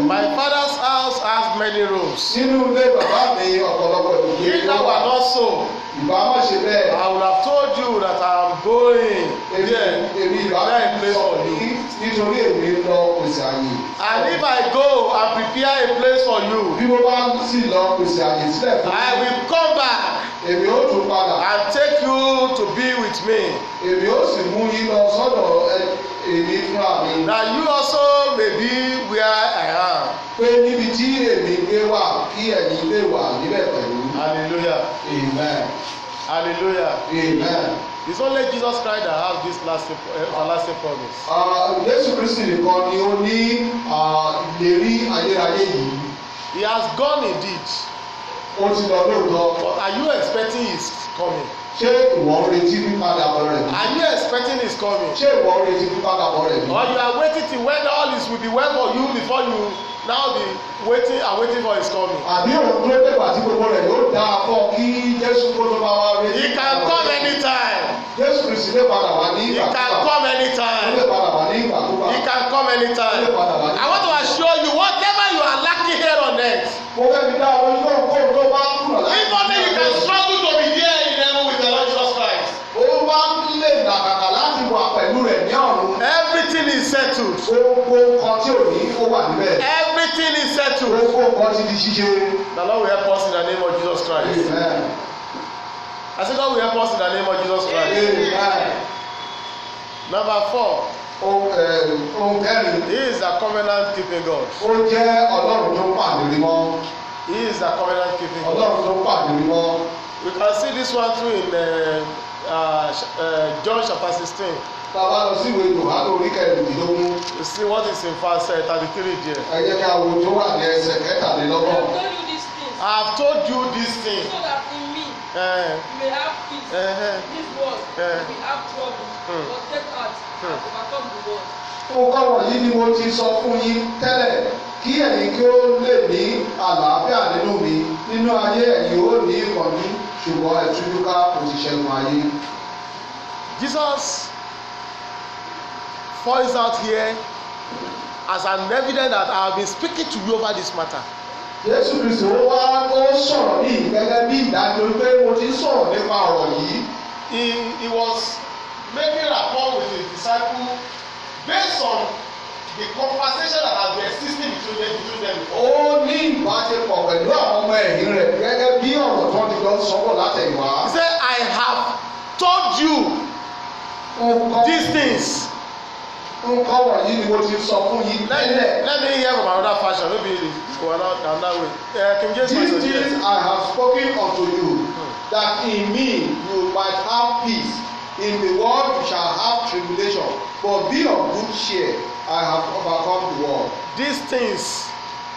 [SPEAKER 1] My father's house has many rooms. If I were not so. I would have told you that I am going. Èmi èmi ìbá mi sọ yìí nítorí And if I go and prepare a place for you. I will come back. Èmi ó tún padà. And take you to be with me. Èmi ó sì mú yín lọ sọ́dọ̀ èmi fúnra mi. that you also may be where I am. pé níbi tí èmi gbé wà kí ẹ̀yin lè wà níbẹ̀ pẹ̀lú. hallelujah. amen. hallelujah. amen. It's only Jesus Christ that has this last uh, lasting promise. Ah, Jésù Kristi nìkan ni ó ní ìlérí ayérayé yìí. He has gone indeed. Ó ti lọ lóòótọ́. But are you expecting his coming? ṣé ìwọ ń retí pípadà bọ̀ rẹ̀? Are you expecting his coming? ṣé ìwọ ń retí pípadà bọ̀ rẹ̀? Or you are waiting till when all is will be well for you before you now be waiting and waiting for his coming. Àbí òun dúró dègbà tí gbogbo rẹ̀ yóò dá a fọ́ kí Jésù kó tó bá wá rí. He can come anytime. Jésù Kristi lè padà wá ní ìgbà kúgbà. He can come anytime. Ó padà wá ní ìgbà kúgbà. He can come anytime. Ó padà wá ní ìgbà kúgbà. I want to assure you whatever you are lacking here on earth. Mo fẹ́ fi dá àwọn ilé òkú tó bá kúrò láti. settled. Gbogbo nǹkan tí ò ní ó wà níbẹ̀. Everything is settled. Gbogbo nǹkan ti di ṣíṣe. The Lord will help us in the name of Jesus Christ. Amen. I say God will help us in the name of Jesus Christ. Amen. Number four. Ohun eh, kẹrin. He is a covenant keeping God. Ó jẹ́ Ọlọ́run tó pàdé mọ́. He is a covenant keeping God. Ọlọ́run tó pàdé mọ́. We can see this one too in eh, uh, uh, John chapter sixteen
[SPEAKER 3] tá lọ sí ìwé Jòhánù orí kẹrìndínlógún.
[SPEAKER 1] you see what is in verse thirty three there. ẹ jẹ́ ká wo tó wà ní ẹsẹ̀ kẹtàlélọ́gbọ̀n.
[SPEAKER 2] I have told you this thing. so that in me
[SPEAKER 1] uh, you may have peace. Uh this world uh, we
[SPEAKER 2] have trouble. Hmm. but take heart hmm. and overcome the world.
[SPEAKER 1] Nǹkan wọ̀nyí ni mo ti sọ fún yín tẹ́lẹ̀ kí ẹ̀yin kí ó lè ní àlàáfíà nínú mi nínú ayé ẹ̀yin ó ní ìkànnì ṣùgbọ́n ẹ̀túndúká kò ti ṣẹ́gun ayé. Jesus falls out here as an evidence that I have been speaking to you over this matter. Jésù Kristu ó wá ó sọ̀rọ̀ yìí gẹ́gẹ́ bí ìdájọ́ pé mo ti sọ̀rọ̀ nípa ọ̀rọ̀ yìí. He he was making rapport with his disciples based on the conversation that had been existing between them between them. Ó ní ìbáṣepọ̀ pẹ̀lú àwọn ọmọ ẹ̀yìn rẹ̀ gẹ́gẹ́ bí ọ̀rọ̀ tó ti lọ sọ́wọ́ látẹ̀yìnwá. He said I have told you these things nǹkan wọ̀nyí ni mo ti sọ fún yín tẹ́lẹ̀. let me hear from another fashion maybe it is for another way. Uh, King James these things I have spoken unto you hmm. that in me you might have peace in the world you shall have tribulation but be of good cheer I have overcome the world. these things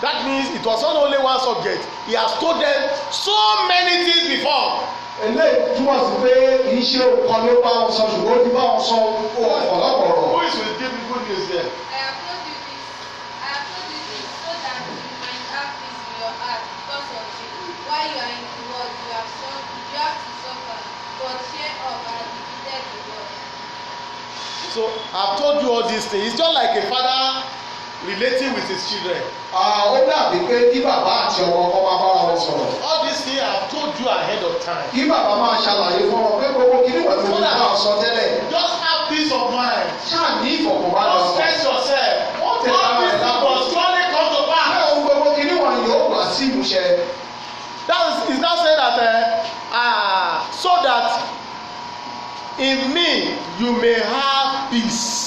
[SPEAKER 1] that means it was not only one subject he has told them so many things before. eléyìí túmọ̀ sí pé kì í ṣe ọkọ̀ nípa ọ̀sán ṣùgbọ́n ó ti ọ̀pọ̀lọpọ̀ rọ̀.
[SPEAKER 3] So
[SPEAKER 1] I've told you all this thing. It's just like a father relating with his children.
[SPEAKER 3] Àwọn ah, dàbí pé kí bàbá àti ọmọ
[SPEAKER 1] ọkọ máa bára wọn sọ̀rọ̀. All this thing I have told you ahead of time. Kí bàbá máa ṣàlàyé fún ọ pé gbogbo kìíní wọ̀nyí mo ti bá ọ sọ tẹ́lẹ̀. Just have peace of mind. Ṣáà ní ìfọ̀kànbalẹ̀ Don't stress yourself.
[SPEAKER 3] Wọ́n tẹ̀lé àwọn ẹ̀dá. All this thing
[SPEAKER 1] surely come to pass. Bẹ́ẹ̀ ni gbogbo kìíní wọ̀nyí yóò wá sí ìmúṣẹ that is is now saying that uh, uh, so that in me you may have peace.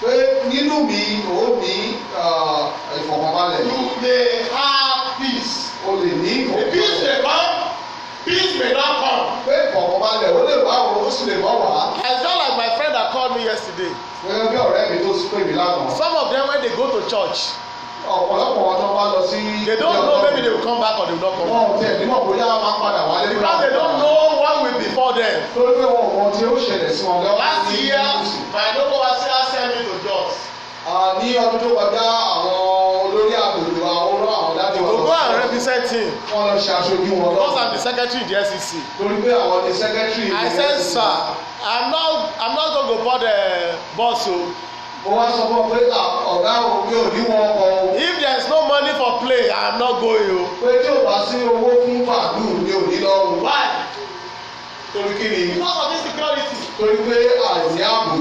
[SPEAKER 1] pé nínú mi ò ní ah, ìfọ̀kànbalẹ̀. you may have peace. o lè ní ìfọ̀kànbalẹ̀. peace may come peace may not come. pé ìfọ̀kànbalẹ̀ ó lè wá o ó sì lè má wá. I sound like my friend that called me yesterday. gẹ́gẹ́ bí ọ̀rẹ́ mi tó pè mí lánàá. some of them when they go to church ọ̀pọ̀lọpọ̀ ọ̀tọ́ bá lọ sí. they don't know maybe they will come back or they will not come back. wọn ò tẹ̀ nímọ̀ bóyá wọn á padà wálé. because they don't know what will before them. torí pé wọn kò tí ó ṣẹlẹ̀ sí wọn last year my local wasa send me to Jos. ní ọdún tó kọjá àwọn olórí àgbègbè àwọn ọ̀rọ̀ àwọn dájú wọn. to go and represent him. wọn lọ ṣe aṣojú wọn lọ. because i'm the secretary of the SEC. torí pé àwọn ni secretary. i said e sir i'm not i'm not gonna go for the boss o. Oh mo wá sọ fún ọ pé ọ̀gá o mi ò ní wọn ọkọ o. if there is no money for play i am not going o. pé tí o bá sí owó fún pàdú mi ò ní lọ o. why. torí kí ni. because of insecurity. torí pé àìsí ààbò.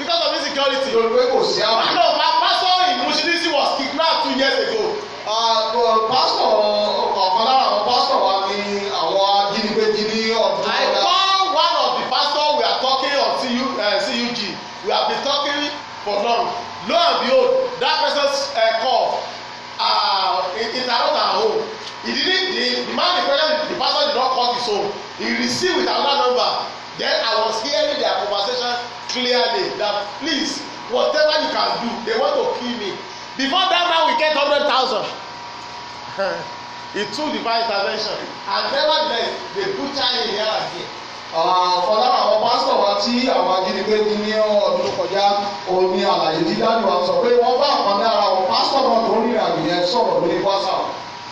[SPEAKER 1] because of insecurity. torí pé kò sí ààbò. one of my pastor in Mushinisi was kidnapped two years ago. Uh, pastor ọ̀kan lára àwọn pastor wa lo and behold that person's uh, call uh, interrupt our home he didn't the, man in question the pastor did not call his home he received with another number then i was hearing their conversation clearly that please whatever you can do they want to kill me before that man we get hundred thousand he took divine intervention and never let the butcher him here again ọ̀kan pásítọ̀ wa tí àwọn ajínigbé ní ní ọdún kọjá òun ni àlàyé dídájú wa sọ pé wọ́n bá ọ̀kan lára àwọn pásítọ̀ náà tó rìn àjò yẹn sọ̀rọ̀ lórí whatsapp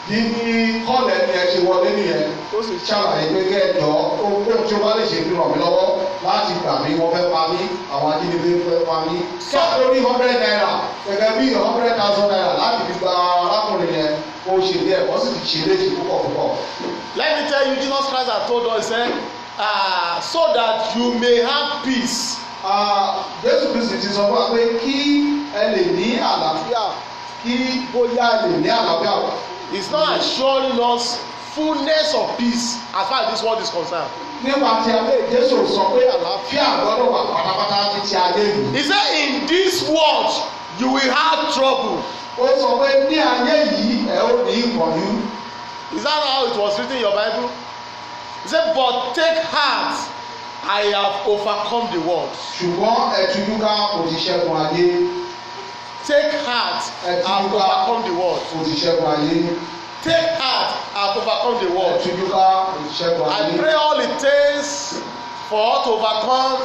[SPEAKER 1] níbi kọ́ọ̀lù ẹni ẹ ti wọlé nìyẹn tó sì ṣàlàyé pé kẹ́ẹ̀dọ́ ohun tí o bá lè ṣe fi ràn mí lọ́wọ́ láti gbà mí wọ́n fẹ́ pa mí àwọn ajínigbé fẹ́ pa mí. sáàtò hundred naira gẹ́gẹ́ bí hundred thousand naira láti fi gba arákùnrin yẹn kó ṣe bí ẹ̀ wọ́n sì ti ṣe é léṣe púpọ̀ púpọ̀. Let me tell you, Jesus Christ had told us, eh? uh, so that you may have peace. Ah, Jésù Kristu ti sọ fún wa pé kí ẹ lè ní àlàáfíà kí bóyá ẹ lè ní àlàáfíà wà. He is not assuring us fullness of peace as far as this world is concerned. Nípa ti ayé Jésù sọ pé àlàáfíà gbọ́dọ̀ wà pátápátá ní ayé yìí. He said in this world you will have trouble. Ó sọ pé ní ayé yìí ẹ ó ní ìkọ̀yú. Is that how it was written in your Bible? He said, But take heart, I have overcome the world. Ṣùgbọ́n ẹ̀túndúká kò ti ṣẹ́gun ayé. Take heart, I have overcome the world. Kò ti ṣẹ́gun ayé. Take heart, I have overcome the world. Ẹ̀túndúká kò ti ṣẹ́gun ayé. I pray all it takes for us to overcome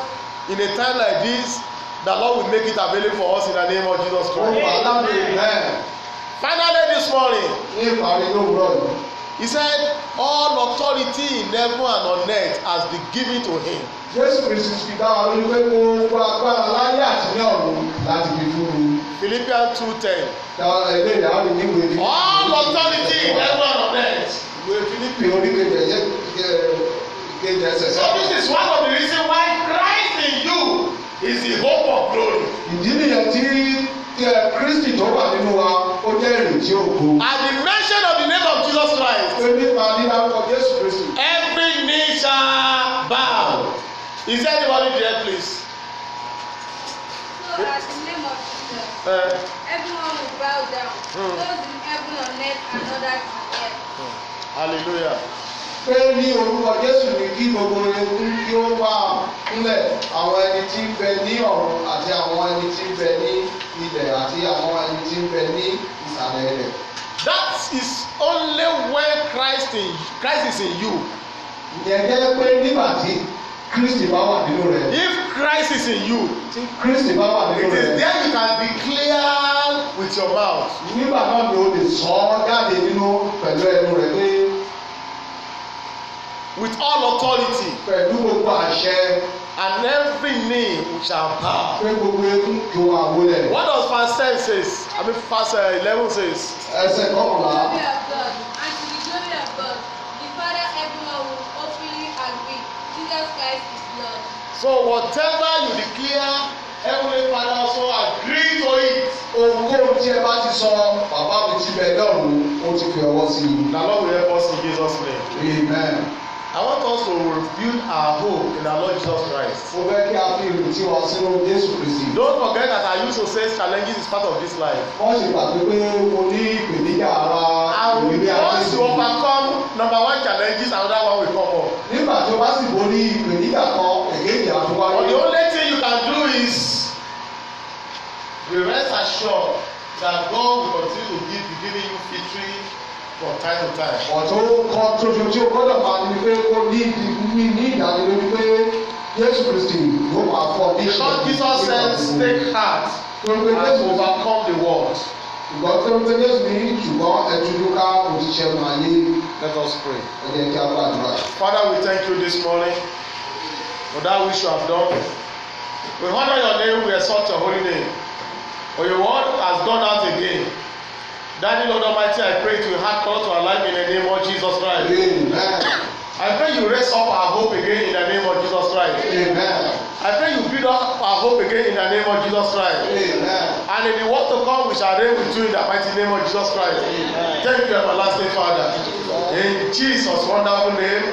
[SPEAKER 1] in a time like this the Lord will make it available for us in the name of Jesus Christ. Amen. Finally this morning. Ní ìparí ló wúrọ̀ yìí. He said, All authority in heaven and on earth has been given to him. Jésù Kristi fi dá wa lórí pé gbogbo agbára láyé àti ní ọ̀run láti fi fún mi. Philippians two ten. Ẹ̀lẹ́ ìyàwó ni níwèé ní. All authority in heaven and on earth. Ìwé Philippians, orí kejì ẹ̀yẹ kejì ẹsẹ̀ So this is one of the reasons why Christ in you is the hope of glory. Ìdí nìyẹn tí eh, Kristi tó wà nínú wa ó jẹ́ ìrètí ògo. And the Jesus Christ. Onípa ní orúkọ Jésù Every knee shall bow. Is anybody there please?
[SPEAKER 4] So that the name of Jesus, uh, everyone will bow down, hmm. those in heaven on earth and others on earth.
[SPEAKER 1] Hmm. Hallelujah. pé ní orúkọ jésù ní kí gbogbo egun kí ó wà ńlẹ̀ àwọn ẹni tí ń bẹ ní ọ̀run àti àwọn ẹni tí ń bẹ ní ilẹ̀ àti àwọn ẹni tí ń bẹ ní ìsàlẹ̀ rẹ̀ that is only when Christ in Christ is in you. ìyẹn pé nígbà tí Kristi bá wà nínú rẹ. if Christ is in you. tí Kristi bá wà nínú rẹ. it is there you can declare with your mouth. nígbà náà ni o lè sọ ọ́ jáde nínú pẹ̀lú ẹnu rẹ pé with all authority. pẹ̀lú gbogbo àṣẹ. and every knee shall bow. pé gbogbo egun ju àwọlẹ̀. what does verse ten says i mean verse uh, eleven says. ẹsẹ̀ kọkànlá. So whatever you declare, Heavenly Father so agree to it. Ohunkóhun tí ẹ bá ti sọ, bàbá mi ti bẹ̀ lọ́rùn, ó ti fi ọwọ́ sí i. Na Lord will help us Jesus' name. Amen. I want us to rebuild our hope in our Lord Jesus Christ. Mo fẹ́ kí a fi ìrètí wa sínú Jésù Kristi. Don't forget that our youth success challenges is part of this life. Wọ́n ṣe gbàgbé pé mo ní ìpèníjà ara ìrírí ayé. Once you overcome number one challenges another one will come up. Nígbà tí o bá sì borí ìpèníjà kan, èké ìyá tó wáyé. But the only thing you can do is be rest assured that God will continue to give be giving you victory from time tuntun tí o gbọ́dọ̀ máa ní pé ó ní ní ní ìdánilójú pé Jésù Kristi ló wà fún ọ. because Jesus says take heart and overcome the world. ṣùgbọ́n tó ń pé Jésù ní ṣùgbọ́n ẹtùdúkà òṣìṣẹ́ máa yé. let us pray. ẹ jẹ́ kí a gbàdúrà. Father we thank you this morning for that which you have done. We honour your name, we exalt your holy name. For your word has done us again. Daddy Lord Almighty, I pray to heart call to our life in the name of Jesus Christ. Amen. I pray you raise up our hope again in the name of Jesus Christ. Amen. I pray you build up our hope again in the name of Jesus Christ. Amen. And in the world to come, we shall reign with you in the mighty name of Jesus Christ. Amen. Thank you, everlasting Father. In Jesus' wonderful name.